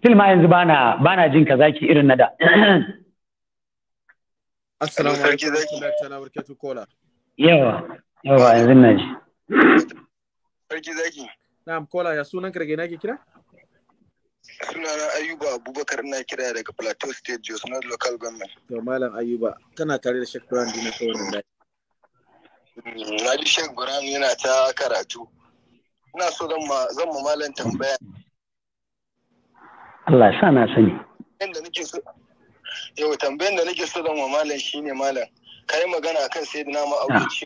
still ma yanzu bana bana jin ka zaki irin na da
assalamu alaikum wa barakatuh kola
yawa yawa yanzu na ji
sarki zaki na'am kola ya sunan karge na ke kira
sunana ayuba abubakar na kira daga plateau state jos north local government to
malam ayuba kana tare da shek brown dina ta wannan dai
mm, na ji shek brown yana ta karatu ina so zan ma malam tambaya
Allah sa na sani
yau tambayin da nake so zan wa malam shine malam kai magana akan sayyidina ma'aukaci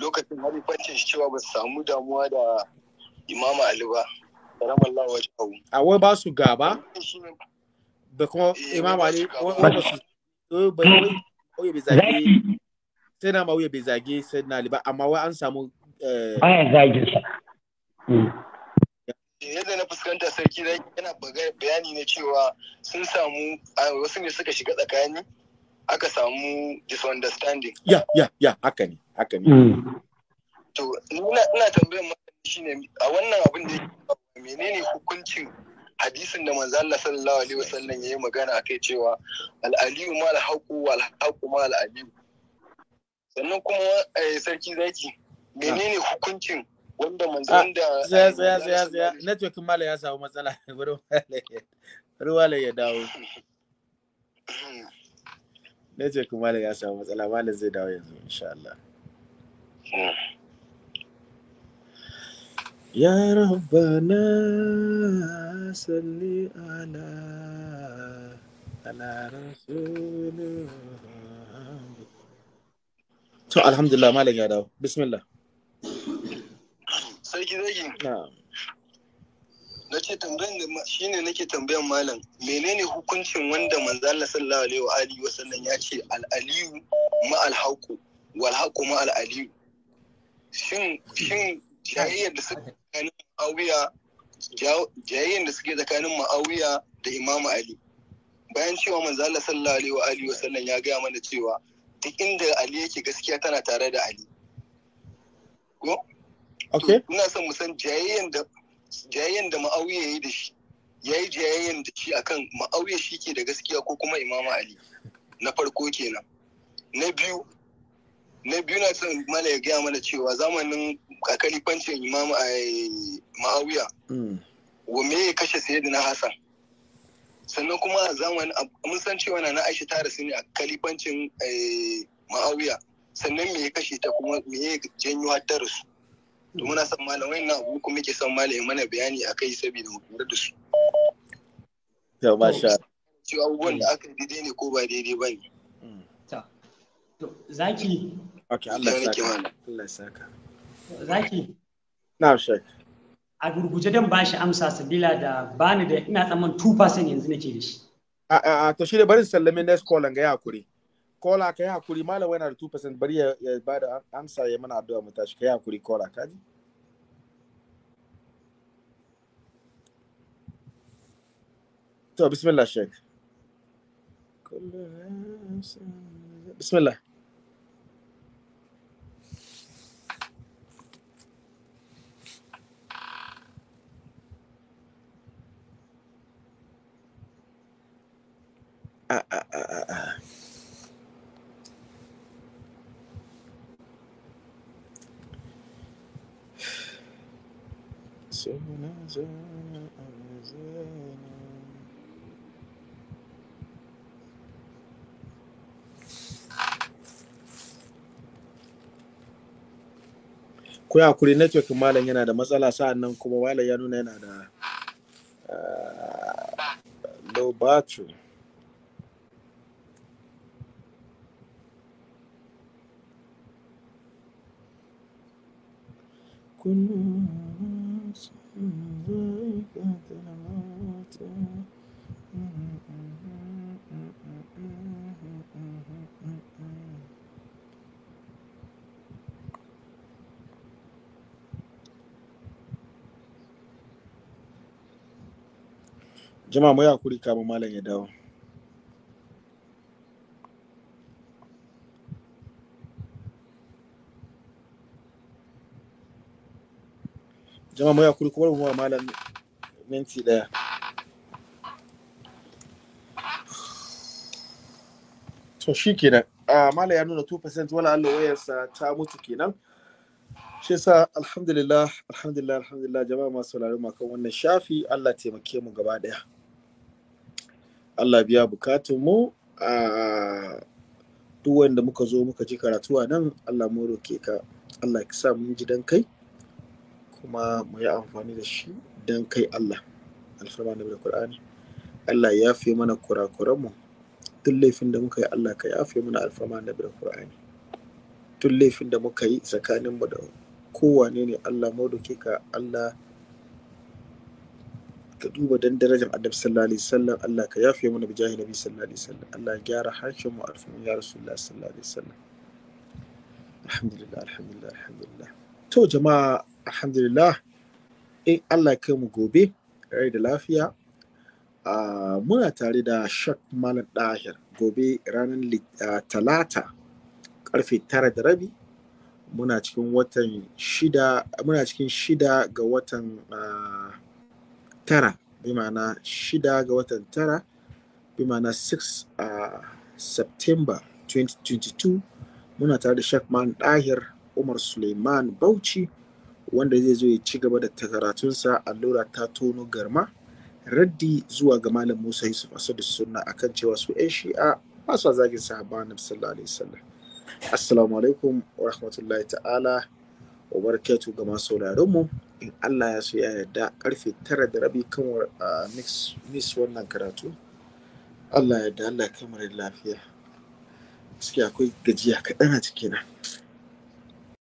lokacin halifancin shi cewa ba su samu damuwa da imama ali ba karamallahu wajhahu
a wai ba su gaba da kuma eh, imama ali eh, wai bai sai na mawuya bai zage sai na liba amma wai an samu
eh, Ba ya zage sa hmm. yadda na fuskanta sarki yana bayani na cewa
sun samu wasu ne suka shiga tsakani aka samu disunderstanding. Ya, ya, ya, haka ne, haka ne. Hmm. To, ina tambayar maka shi ne a wannan abin da yake
menene hukuncin hadisin da manzo Allah sallallahu alaihi wasallam yayi magana akai cewa al-aliyu ma al-haqu wal haqu ma al-aliyu. Sannan kuma eh, sarki zaki menene hukuncin wanda manzon ah, da tsaya tsaya
tsaya ya samu matsala [laughs] ruwa ya dawo ya samu matsala malam zai dawo yanzu insha Allah يا ربنا صل على على رسول alhamdulillah malam ya dawo bismillah
sarki zagi na ce tambayan da shi ne nake tambayan malam menene hukuncin wanda manzo Allah sallallahu alaihi wa alihi wasallam ya ce al-aliyu ma al-haqu wal haqu ma al-aliyu shin shin jayayyar da suke tsakanin Muawiya da suke tsakanin da Ali bayan cewa manzo Allah sallallahu alaihi wa alihi wasallam ya gaya mana cewa duk inda Ali yake gaskiya tana tare da Ali Okay. Ina son mu san jayayyen da jayayyen da Muawiya yayi da shi. Yayi jayayyen da shi akan Muawiya shi ke da gaskiya ko kuma Imam Ali. Na farko kenan. Na biyu na biyu na son mala ya gaya mana cewa zamanin kakalifancin Imam eh, Muawiya. Mm. Wa me ya kashe na Hassan? sannan kuma a zamanin mun san cewa na Aisha ta rasu ne a kalifancin eh, Ma'awiya sannan me ya kashe ta kuma me ya janyo har ta rasu to muna son malamai na abu kuma ke son malamai mana bayani a kai saboda mu lura da su yau ba sha ci abubuwan da aka daidai ne ko ba daidai ba ne zaki ok Allah ya saka Allah ya saka
zaki na sha a gurguje dan ba shi amsa sabila da bani da ina tsaman 2% yanzu nake da shi
a a to shi da barin sallame next call an ga ya hakuri kola ka yi hakuri malam yana da 2% bari ya ba da amsa ya mana addu'a mu tashi ka yi hakuri kola ka ji to bismillah sheik bismillah
Uh, uh, uh, uh.
Suna zaune a Zainab. ku yi hakuri network malam yana da matsala sa'an nan kuma malam ya nuna yana da ah, low battery Kunu. Jama'a mu ya kuri kama malam ya dawo. jama'a mai ya kuma mu malam minti daya to shi kenan a ah, mala ya nuna 2% wala Allah wayarsa ta mutu kenan shi sa alhamdulillah alhamdulillah alhamdulillah jama'a masu sauraro kan wannan shafi Allah taimake mu gaba daya Allah biya bukatun mu a ah, duk wanda muka zo muka ji karatu nan Allah mu roke ka Allah ya sa mun ji dan kai kuma mu yi amfani da shi don kai Allah alfarma da Qur'ani Allah ya fi mana kurakuranmu duk laifin da muka yi Allah ka yafe mana alfarma da Qur'ani duk laifin da muka yi tsakanin mu da kowane ne Allah maudoki ka Allah ka duba dan darajar annabi sallallahu alaihi wasallam Allah ka yafe mana bi jahi nabi sallallahu alaihi wasallam Allah gyara harshen mu alfin ya rasulullah sallallahu alaihi wasallam alhamdulillah alhamdulillah alhamdulillah to jama'a alhamdulillah in allah kai mu gobe rai da lafiya muna tare da shak malam dahir gobe ranar talata karfe tara da rabi muna cikin watan shida muna cikin shida ga watan tara bi ma'ana shida ga watan tara bi ma'ana 6 a september 2022 muna tare da shak malam dahir umar suleiman bauchi wanda zai zo ya ci gaba da karatunsa allura ta tono garma raddi zuwa ga malam Musa Yusuf Asadu Sunna akan cewa su 'yan shi'a ba sa zagin sahaba Annabi sallallahu alaihi wasallam assalamu alaikum wa rahmatullahi ta'ala wa barakatu ga masu mu in Allah ya so ya yarda karfe tara da rabi kan miss wannan karatu Allah ya yarda Allah ya kamar lafiya gaskiya akwai gajiya kaɗan a cikina